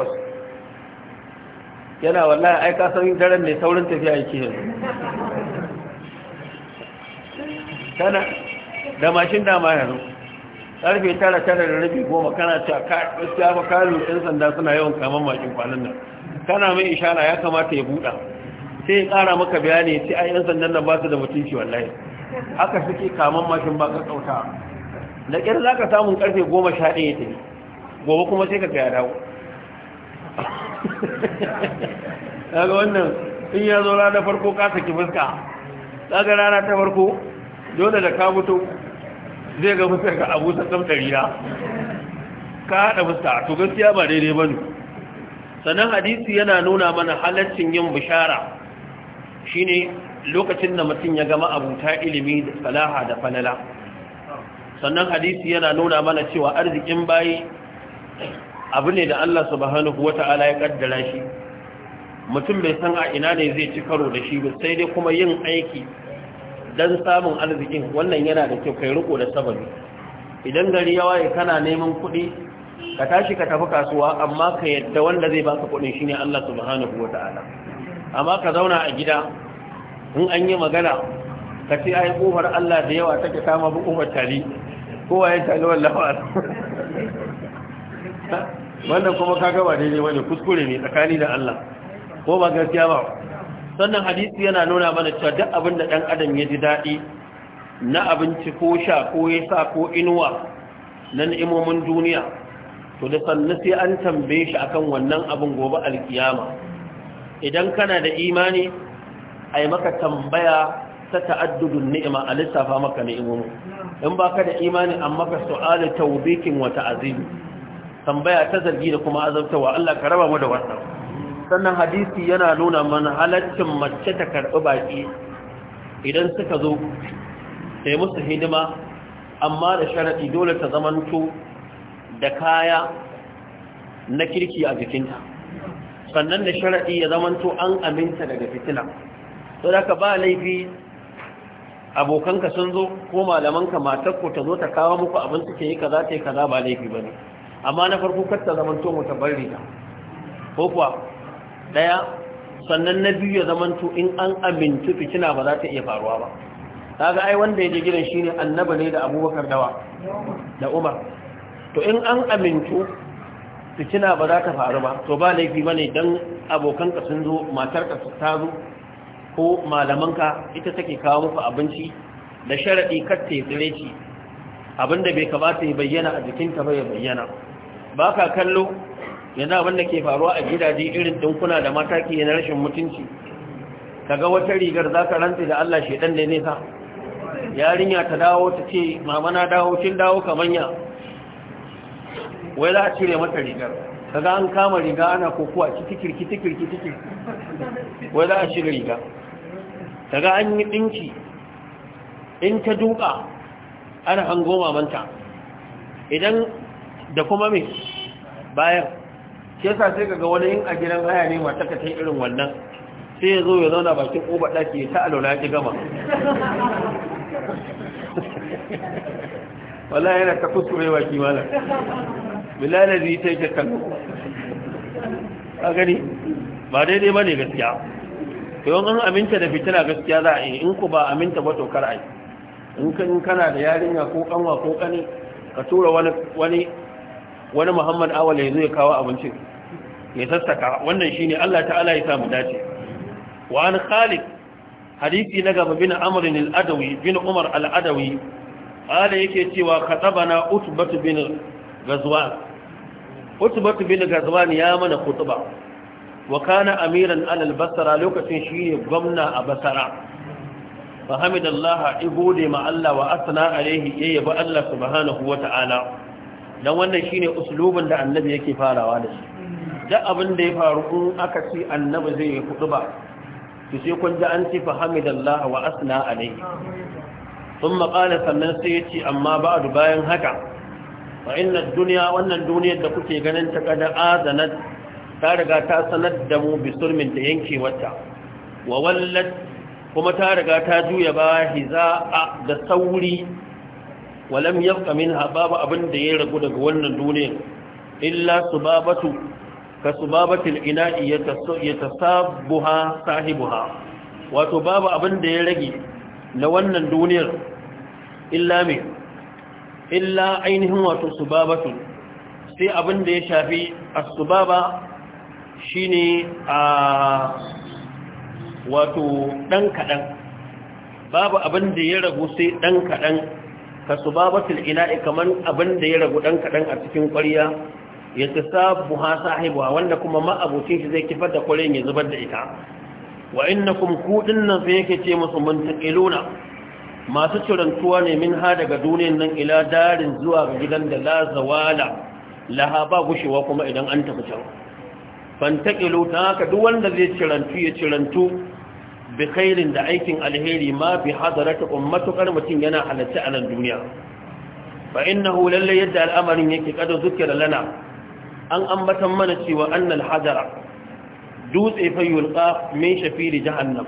yana wallahi ai ka san daren ne saurin tafiya yake yanzu tana da mashin dama yanzu karfe tara tara da rufe goma kana ta gaskiya ba kalu ɗin sanda suna yawan kaman mashin kwanan nan kana mai ishara ya kamata ya buɗa sai ya ƙara maka bayani sai a yin sandan nan ba su da mutunci wallahi haka suke kaman mashin ba ka kauta da ƙyar za ka samun karfe goma sha ya tafi gobe kuma sai ka ga ya dawo daga wannan in ya zo rana farko ka saki fuska daga rana ta farko dole da ka mutu zai ga fuskar ga abu ta tsamtari ka haɗa fuska to gaskiya ba daidai ba ne sannan hadisi yana nuna mana halaccin yin bishara shine lokacin da mutum ya gama abuta ilimi da salaha da falala sannan hadisi yana nuna mana cewa arzikin bayi abu ne da Allah subhanahu wata'ala ya kaddara shi mutum bai san a ina ne zai ci karo da shi ba sai dai kuma yin aiki dan samun arzikin wannan yana da kyau kai riko da sabani idan gari ya waye kana neman kuɗi ka tashi ka tafi kasuwa amma ka yadda wanda zai baka kuɗin shine Allah subhanahu wataala amma ka zauna a gida in an yi magana ka ce ai kofar Allah da yawa take kama bu kofar tari kowa ya tali wallahi wannan kuma kaga ba daidai bane kuskure ne tsakani da Allah ko ba gaskiya ba sannan hadisi yana nuna mana cewa duk abin da ɗan adam ya ji daɗi na abinci ko sha ko ya sa ko inuwa na ni'imomin duniya to da sannu sai an tambaye shi akan wannan abin gobe alkiyama idan kana da imani a yi maka tambaya ta ta'addudun ni'ima a lissafa maka ni'imomi in ba ka da imani an maka su'ali taubikin wata ta'azimi tambaya ta zargi da kuma azabtawa Allah ka raba mu da wannan sannan hadisi yana nuna mana halaccin mace ta karɓi baƙi idan suka zo sai musu hidima amma da sharaɗi dole ta zamanto da kaya na kirki a jikinta sannan da sharaɗi ya zamanto an aminta daga fitina to da ba laifi abokanka sun zo ko malamanka matarku ta zo ta kawo muku abin suke yi kaza ta yi kaza ba laifi ba ne amma na farko kar ta zamanto mu ta bari ta ko kuwa daya sannan na biyu ya zamantu in an amintu fitina ba za ta iya faruwa ba kaga ai wanda yake gidan shine annaba ne da abubakar dawa da umar to in an amintu fitina ba za ta faru ba to ba laifi bane dan abokanka sun zo matar ka ta zo ko malaman ka ita take kawo muku abinci da sharadi kar ta tsire abin abinda bai kamata ya bayyana a jikinta ba ya bayyana baka kallo yanzu abin ke faruwa a gidaje irin dunkuna da mataki na rashin mutunci kaga wata rigar za ka rantsa da Allah shedan da nesa yarinya ta dawo ta ce mama na dawo kin dawo manya. wai za a cire mata rigar kaga an kama riga ana kokowa ciki kirki kirki wai za a cire riga kaga an yi dinki in ta duka ana hango mamanta idan da kuma me bayan Kesa sai kaga wani yin a gidan haya ne mata ka tai irin wannan sai ya zo ya zauna bakin ƙofa ɗaki ya ta alola ya gama wala yana ta kuskurewa kimanin bilala zai ta yi kallo a gani ba daidai ba ne gaskiya yawan an aminta da fitina gaskiya za a yi in ku ba aminta ba tokar a yi in kana da yarinya ko kanwa ko kani ka tura wani wani muhammad awal ya zo ya kawo abincin ya sassaka wannan shi ne Allah ta'ala ya samu dace wa an khalid hadisi na gaba bin amr al-adawi bin umar al-adawi ala yake cewa katabana utbatu bin gazwan utbatu bin gazwan ya mana kutuba wa kana amiran alal basra lokacin shi ne gwamna a basra fa hamidallahi ibode ma Allah wa asna alaihi yayyaba Allah subhanahu wa ta'ala don wannan shine uslubin da annabi yake farawa da shi duk abin da ya faru in aka ci annabi zai yi kudu ba to sai kun ji an ce fa wa asna alai sun maƙala sannan sai ya ci amma ba'adu bayan haka Wa inna duniya wannan duniyar da kuke ganin ta kada azanat ta riga ta sanar da mu bi sulmin da yankewarta wa wallat kuma ta riga ta juya ba hiza da sauri walam yabqa minha babu abin da ya ragu daga wannan duniyar illa subabatu ka subabatil ina'i yatasabbuha sahibuha wato babu abin da ya rage na wannan duniyar illa me illa ainihin wato subabatu sai abin da ya shafi as-subaba shine a wato dan kadan babu abin da ya ragu sai dan kadan ka su ba ina'i kamar abin da ya ragu ɗan kaɗan a cikin ƙwarya ya ta sabu ha sahibuwa wanda kuma ma'abucin shi zai kifar da ƙwaryan ya zubar da ita wa inna kum kuɗin nan sai yake ce musu muntaƙiluna masu cirantuwa ne min ha daga duniyan nan ila darin zuwa ga gidan da la zawala laha ba gushewa kuma idan an tafi can fantakilu ta haka duk wanda zai cirantu ya cirantu bi khairin da aikin alheri ma bi hadarata ummatukar mutum yana halatta a nan duniya fa innahu lalle yadda al'amarin yake kada zukira lana an ambatan mana cewa annal hadara dutse fa yulqa min shafiri jahannam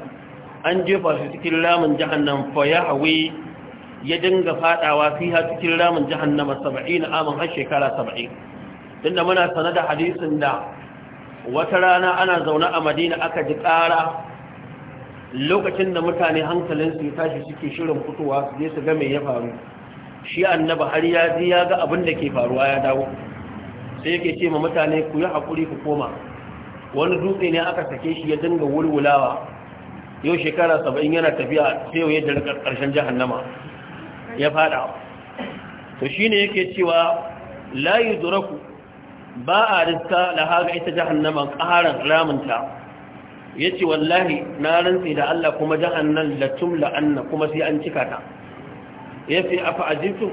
an jefa shi cikin lamun jahannam fa yahwi ya dinga fadawa fiha cikin ramin jahannama 70 amin har shekara 70 tunda muna sanada hadisin da wata rana ana zaune a Madina aka ji ƙara lokacin da mutane hankalinsu ya tashi suke shirin fitowa su je su ga mai ya faru shi annaba har ya ji ya ga abin da ke faruwa ya dawo sai yake ce ma mutane ku yi haƙuri ku koma wani dutse ne aka sake shi ya dinga wulwulawa yau shekara saba'in yana tafiya sai ya daga ƙarshen jahannama ya fada to shi ne yake cewa layi duraku ba a riska da haga ita jahannama ƙaharar ramunta yace wallahi na rantse da Allah kuma jahannan la tumla kuma sai an cika ta yace afa ajibtum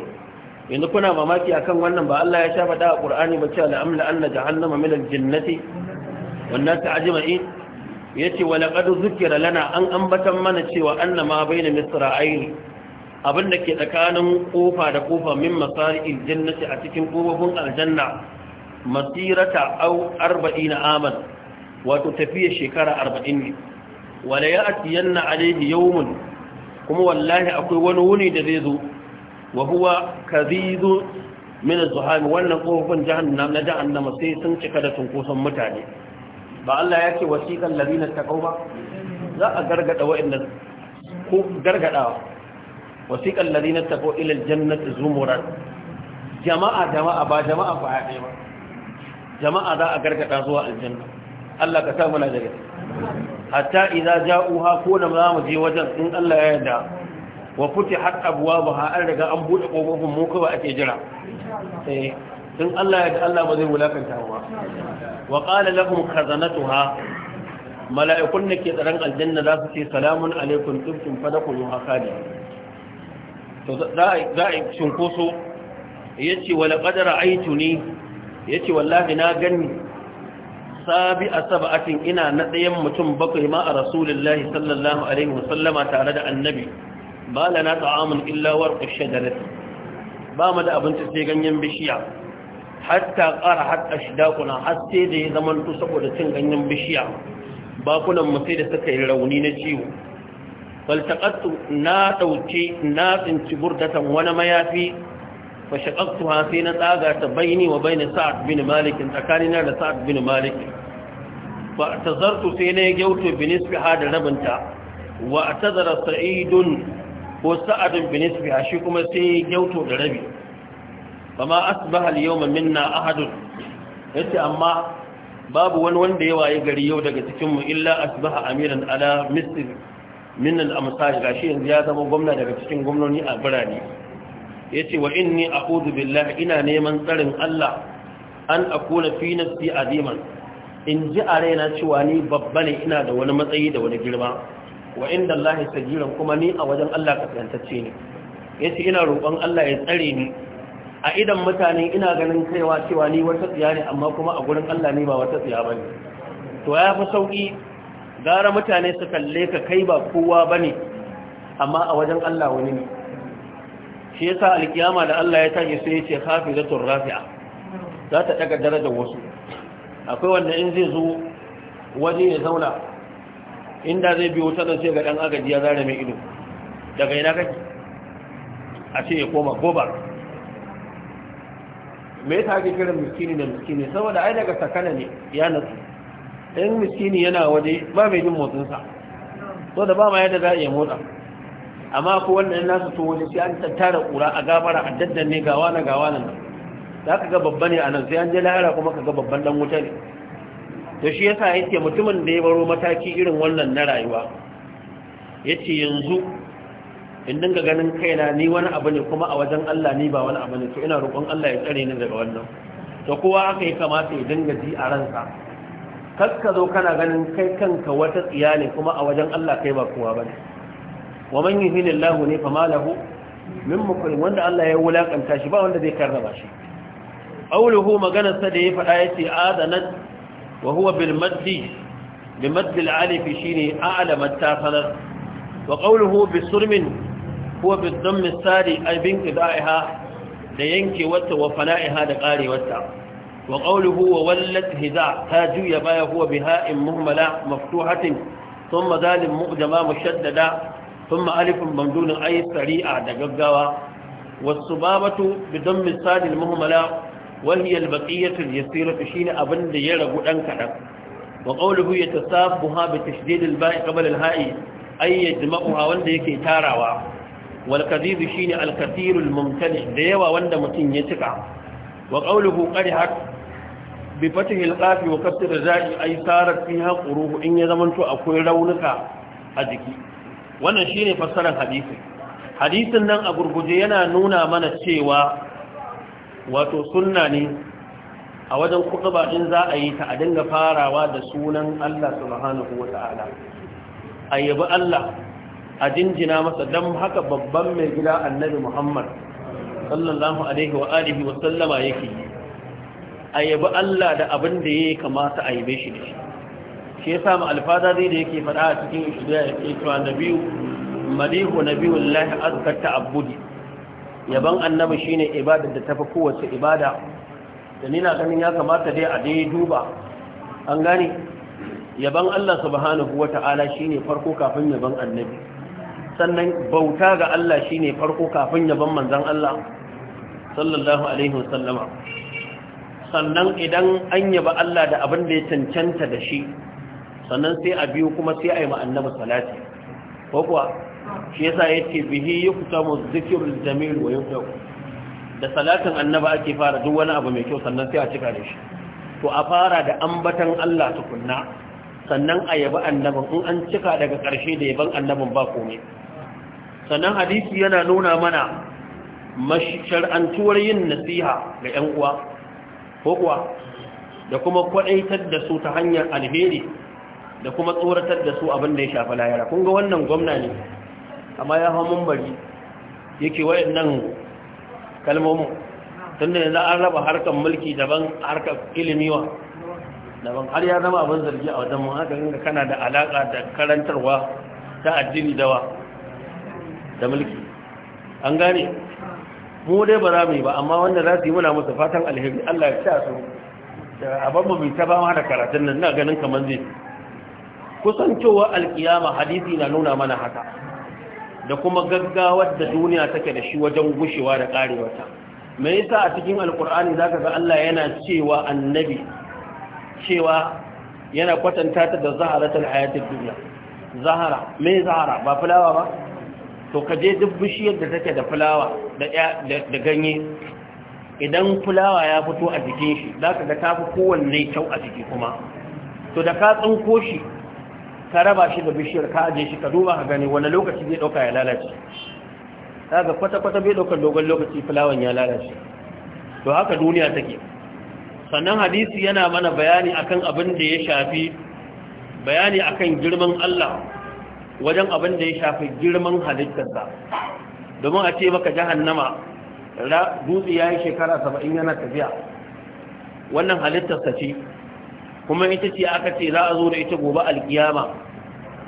yanzu kuna mamaki akan wannan ba Allah ya sha faɗa a Qur'ani ba cewa la amla anna jahannama min al-jannati wan in. Ya ce wa laqad zukira lana an ambatan mana cewa anna ma baina misra'aini abinda ke tsakanin kofa da kofa min masari'il jannati a cikin kofofin aljanna masirata au arba'ina aman wato tafiya shekara arba'in ne wala ya atiyanna alaihi yawmun kuma wallahi akwai wani wuni da zai zo wa huwa kadhidu min az-zuhami wannan kofofin jahannam na jahannama sai sun cika da cunkoson mutane ba Allah ya wasiƙan wasiqal ta ƙau ba za a gargada wa'annan ko gargadawa wasiƙan ladina ta ƙau al-jannati zumurar jama'a jama'a ba jama'a ba jama'a za a gargada zuwa aljanna Allah ka sa muna daga hatta idza ja'uha ko da za mu je wajen in Allah ya yarda wa futihat abwabaha an riga an bude kofofin mu kawai ake jira eh in Allah ya yarda Allah ba zai wulakanta ba wa qala lahum khazanatuha mala'ikun da ke tsaron aljanna za su ce salamun alaikun tufkin fadakun yi haka ne za a yi cinkoso ya ce wala ƙadara aitu ne ya ce wallahi na gani sabi a saba'atin ina na ɗayan mutum bakwai ma a rasulullahi sallallahu alaihi wasallama tare da annabi ba na ta'amun illa da shajarat ba mu da abinci sai ganyen bishiya hatta qara hatta shidaquna har sai da ya zama to saboda cin ganyen bishiya bakunan mu sai da suka yi rauni na ciwo faltaqattu na dauke na tsinci burdatan wani mayafi فشققتها سين تاغا بيني وبين سعد بن tsakanina da Sa'ad bin مالك fa tazartu sai na gyautu bi nisbiha da rabinta wa atazara sa'idun ko sa'adun bi shi kuma sai gyautu da rabi fama asbaha al-yawma minna ahadun yace amma babu wani wanda ya waye gari yau daga cikinmu illa asbaha amiran ala misr min al-amsaj gashi yanzu ya zama gwamna daga cikin gwamnoni a birane yace wa inni a'udhu billahi ina neman tsarin Allah an akuna fi nafsi aziman in ji a raina cewa ni babba ne ina da wani matsayi da wani girma wa inda Allah sajiran kuma ni a wajen Allah ka kasantacce ne yace ina roƙon Allah ya tsare ni a idan mutane ina ganin kaiwa cewa ni wata tsiya ne amma kuma a gurin Allah ne ba wata tsiya bane to ya fi sauki gara mutane su kalle ka kai ba kowa bane amma a wajen Allah wani ne shi yasa alkiyama da Allah ya tashi sai ya ce hafizatur rafi'a za ta daga darajar wasu akwai wanda in zai zo waje ya zauna inda zai biyo ta sai ga dan agaji ya zare mai ido daga ina kake a ce ya koma goba me yasa ake kiran miskini da miskini saboda ai daga sakana ne ya natsu Ɗan miskini yana waje ba mai jin motsinsa so da ba ma yadda za a iya motsa amma ko wannan nasu to waje sai an tattara kura a gabara a ne gawa na gawa nan za ka ga babba ne a nan sai an je lahara kuma ka ga babban dan wuta ne to shi yasa yake mutumin da ya baro mataki irin wannan na rayuwa yace yanzu in dinga ganin kaina ni wani abu ne kuma a wajen Allah ni ba wani abu ne to ina roƙon Allah ya tsare ni daga wannan to kowa aka yi kamata ya dinga ji a ransa kakka zo kana ganin kai kanka wata tsiya ne kuma a wajen Allah kai ba kowa bane wa man yuhinillahu ne fa malahu min mukrim wanda Allah ya wulakanta shi ba wanda zai karrama shi qawluhu maganarsa da ya faɗa yace adanat wa huwa bil maddi bi maddi al alif shine a'lamat tasalat wa qawluhu bi surmin huwa bi dhamm al sari ay bin qidaiha da yanke wata wa fana'iha da qarewarta wa qawluhu wa wallat hida ta juya baya huwa biha'in muhmala maftuhatin thumma dalim mu'jama mushaddada ثم ألف ممدون أي da gaggawa والسبابة بضم الصاد المهملة وهي البقية اليسيرة شين أبن يرغو أنكرا وقوله يتسابها بتشديد الباء قبل الهاء أي يجمعها وانده كيتاروا والكذيب شين الكثير الممتنع ديوا وانده متن يتقع وقوله قرحك بفتح القاف وكسر الزاء أي صارت فيها قروه إن يزمنت أكوي رونك أذكي wannan shine fassarar hadisi hadisin nan a gurguje yana nuna mana cewa wato sunna ne a wajen kuɗuba in za a yi ta a dinga farawa da sunan Allah subhanahu wa ta'ala a yabi Allah a jinjina masa don haka babban mai gida annabi Muhammad sallallahu alaihi wa alihi wa sallama yake a yabi Allah da abin da ya kamata a yabe shi da shi shi ya samu alfada zai da yake faɗa a cikin shi da ya ce cewa nabiyu malihu nabiyullahi azkar ta'abbudi yaban annabi shine ibadar da tafi kowace ibada da ni na ganin ya kamata dai a dai duba an gane yaban Allah subhanahu wata'ala shine farko kafin yaban annabi sannan bauta ga Allah shine farko kafin yaban manzon Allah sallallahu alaihi wasallama sannan idan an yaba Allah da abin da ya cancanta da shi sannan sai a biyu kuma sai a yi ma annabi salati ko kuwa shi yasa yake bihi yuktamu al jamil wa yuktamu da salatin annaba ake fara duk wani abu mai kyau sannan sai a cika da shi to a fara da ambatan Allah tukunna sannan a yabi annaban in an cika daga karshe da yaban annaban ba komai sannan hadisi yana nuna mana mashar'antuwar yin nasiha ga 'yan uwa ko kuwa da kuma kwaɗaitar da su ta hanyar alheri da kuma tsoratar da su abin da ya shafi layara kun ga wannan gwamna ne amma ya hau mambari yake nan kalmomin tun da yanzu an raba harkar mulki daban harkar ilimiwa. daban har ya zama abin zargi a wajen mun haka inda kana da alaka da karantarwa ta addini dawa da mulki an gane mu dai ba za mu yi ba amma wanda za su yi muna musu fatan alheri Allah ya sa su abin mu mai ta ba ma da karatun nan na ganin kamar zai kusancewa alkiyama hadisi na nuna mana haka da kuma gaggawar da duniya take da shi wajen gushewa da karewarta me yasa a cikin alkur'ani zaka ga Allah yana cewa annabi cewa yana kwatanta ta da zaharatul hayatid dunya zahara me zahara ba fulawa ba to kaje duk bishiyar da take da fulawa da da ganye idan fulawa ya fito a jikin shi zaka ga tafi kowanne kyau a jiki kuma to da ka tsinko shi ka raba shi da bishiyar ka aje shi ka duba a gani wani lokaci zai dauka ya lalace ga kwata-kwata bai daukar dogon lokaci fulawan ya lalace to haka duniya take sannan hadisi yana mana bayani akan abin da ya shafi bayani akan girman Allah wajen abin da ya shafi girman halittarsa domin a ce maka jahannama dutse ya yi shekara saba'in yana tafiya wannan halittarsa ce kuma ita ce aka ce za a zo da ita gobe alkiyama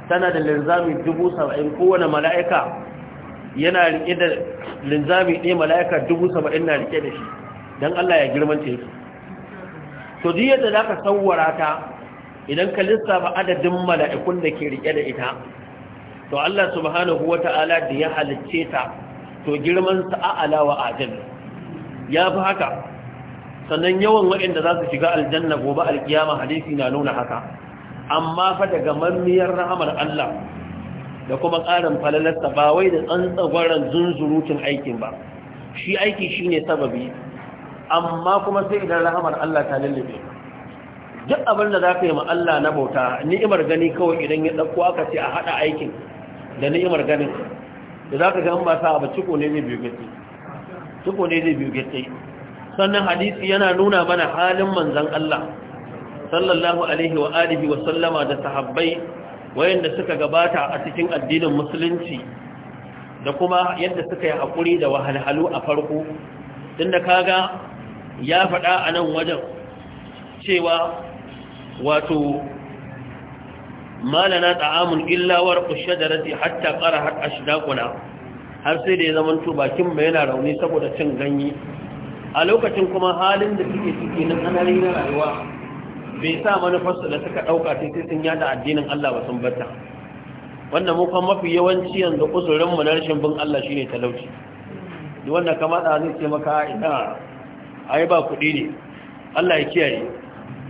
tana da linzami dubu saba'in kowane mala'ika yana riƙe da linzami ɗaya mala'ika dubu saba'in na riƙe da shi don Allah ya girman teku to duk yadda za ka sauwara ta idan ka lissafa adadin mala'ikun da ke riƙe da ita to Allah subhanahu wa ta'ala da ya halicce ta to girman sa a'ala wa ajal ya fi haka sannan yawan waɗanda za su shiga aljanna gobe alkiyama hadisi na nuna haka amma fa daga mammiyar rahamar Allah da kuma ƙarin falalarsa ba wai da gwaran zunzurutun aikin ba shi aiki shi ne sababi amma kuma sai idan rahamar Allah ta lullube duk abin da za ka yi Allah na bauta ni'imar gani kawai idan ya ɗauko aka ce a haɗa aikin da ni'imar ganin da za ka ga ba sa abu ciko ne zai biyu gaske ciko ne zai biyu gaske sannan hadisi yana nuna mana halin manzan Allah sallallahu alaihi wa alihi wa sallama da sahabbai wayanda suka gabata a cikin addinin musulunci da kuma yadda suka yi hakuri da wahalhalu a farko tunda kaga ya faɗa a nan wajen cewa wato malana ta'amun illa da shajarati hatta qarahat ashdaquna har sai da ya zamanto bakin mai yana rauni saboda cin ganye a lokacin kuma halin da suke ciki na tsanani na rayuwa bai sa manufarsu da suka ɗauka sai sun yada addinin Allah ba sun bata wanda mu mafi yawanci yanzu kusurin mu na rashin bin Allah shine talauci duk wanda kamar da zai ce maka ina ai ba kuɗi ne Allah ya kiyaye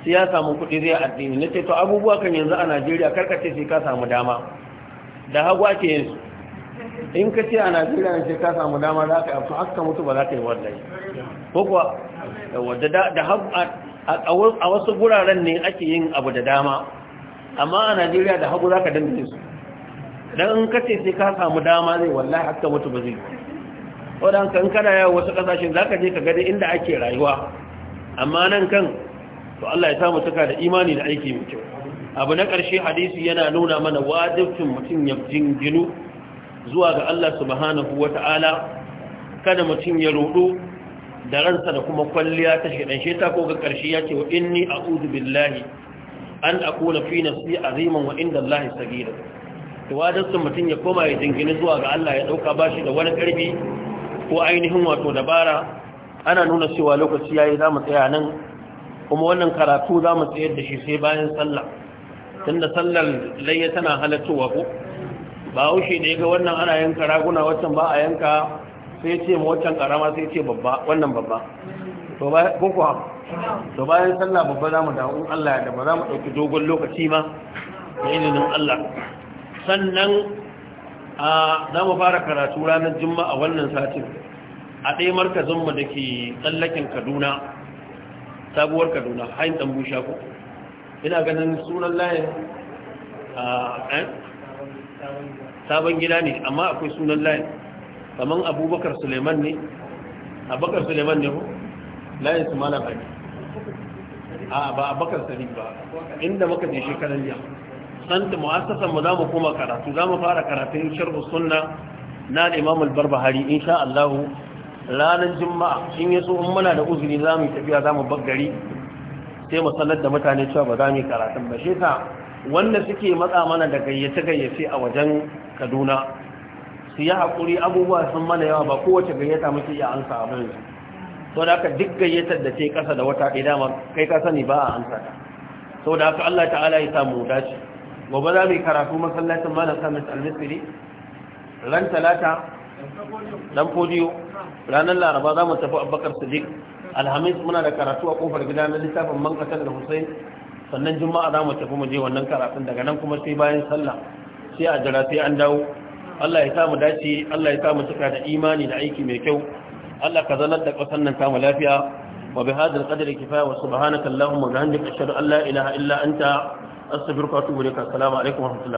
sai ya samu kuɗi zai addini nace to abubuwa kan yanzu a Najeriya karkace sai ka samu dama da hagwa ke yanzu in ka ce a najeriya ce ka samu dama za ka yi abu aka mutu ba za ka yi wallahi ko kuwa da a wasu guraren ne ake yin abu da dama amma a najeriya da hagu za ka dandace su don in ka ce sai ka samu dama zai wallahi aka mutu ba zai waɗanka in kana yawon wasu ƙasashen za ka je ka gani inda ake rayuwa amma nan kan to Allah ya samu suka da imani da aiki mai kyau abu na ƙarshe hadisi yana nuna mana wajibcin mutum ya jinginu zuwa ga Allah subhanahu wata'ala kada mutum ya rudu da ransa da kuma kwalliya ta shedan shi ko ga karshe ya ce wa inni a'udhu billahi an akuna fi nafsi aziman wa inda Allah sagira to wadansu mutum ya koma ya jingine zuwa ga Allah ya dauka bashi da wani karfi ko ainihin wato dabara ana nuna cewa lokaci yayi zamu tsaya nan kuma wannan karatu zamu tsayar da shi sai bayan sallah tunda sallar layya tana halattowa ko ba ushe da ya ga wannan ana yanka raguna waccan ba a yanka sai ce ma waccan karama sai ce babba wannan babba to ba ko kuwa to bayan sallah babba za mu dawo in Allah ya da ba za mu ɗauki dogon lokaci ma da izinin Allah sannan a za mu fara karatu ranar juma'a wannan satin a ɗaya markazin mu dake tsallakin kaduna sabuwar kaduna hayin ɗan ko ina ganin sunan layin a eh? sabon gida ne amma akwai sunan layin kamar abubakar suleiman ne abubakar suleiman ne ko layin su malam ali a ba abubakar sadiq ba inda muka je shekaran jiya santa mu'assasan mu zamu koma karatu zamu fara karatun sharh sunna na imam al-barbahari insha Allah ranar juma'a in yaso in muna da uzuri zamu tafiya zamu baggari sai mu sanar da mutane cewa ba za mu yi karatun ba shi ta wanda suke matsa mana da gayyace-gayyace a wajen kaduna su yi haƙuri abubuwa sun mana yawa ba kowace gayyata muke iya ansa a su. sau da aka duk gayyatar da ce ƙasa da wata ɗaya dama kai ka sani ba a ansa ta sau da aka allah ta'ala ya samu dace gobe za mu yi karatu masallacin malam samis al-misiri ran talata dan fodiyo ranar laraba za mu tafi abubakar sadiq alhamis muna da karatu a kofar gida na lissafin man da hussein sannan juma'a za mu tafi mu je wannan karatun daga nan kuma sai bayan sallah sai a jira sai an dawo Allah ya sa mu dace Allah ya sa mu cika da imani da aiki mai kyau Allah ka zanar da ƙasar nan samu lafiya wa bi hadal qadri kifaya wa subhanaka allahumma wa bihamdika ashhadu an la ilaha illa anta astaghfiruka wa atubu ilaik assalamu alaikum wa rahmatullahi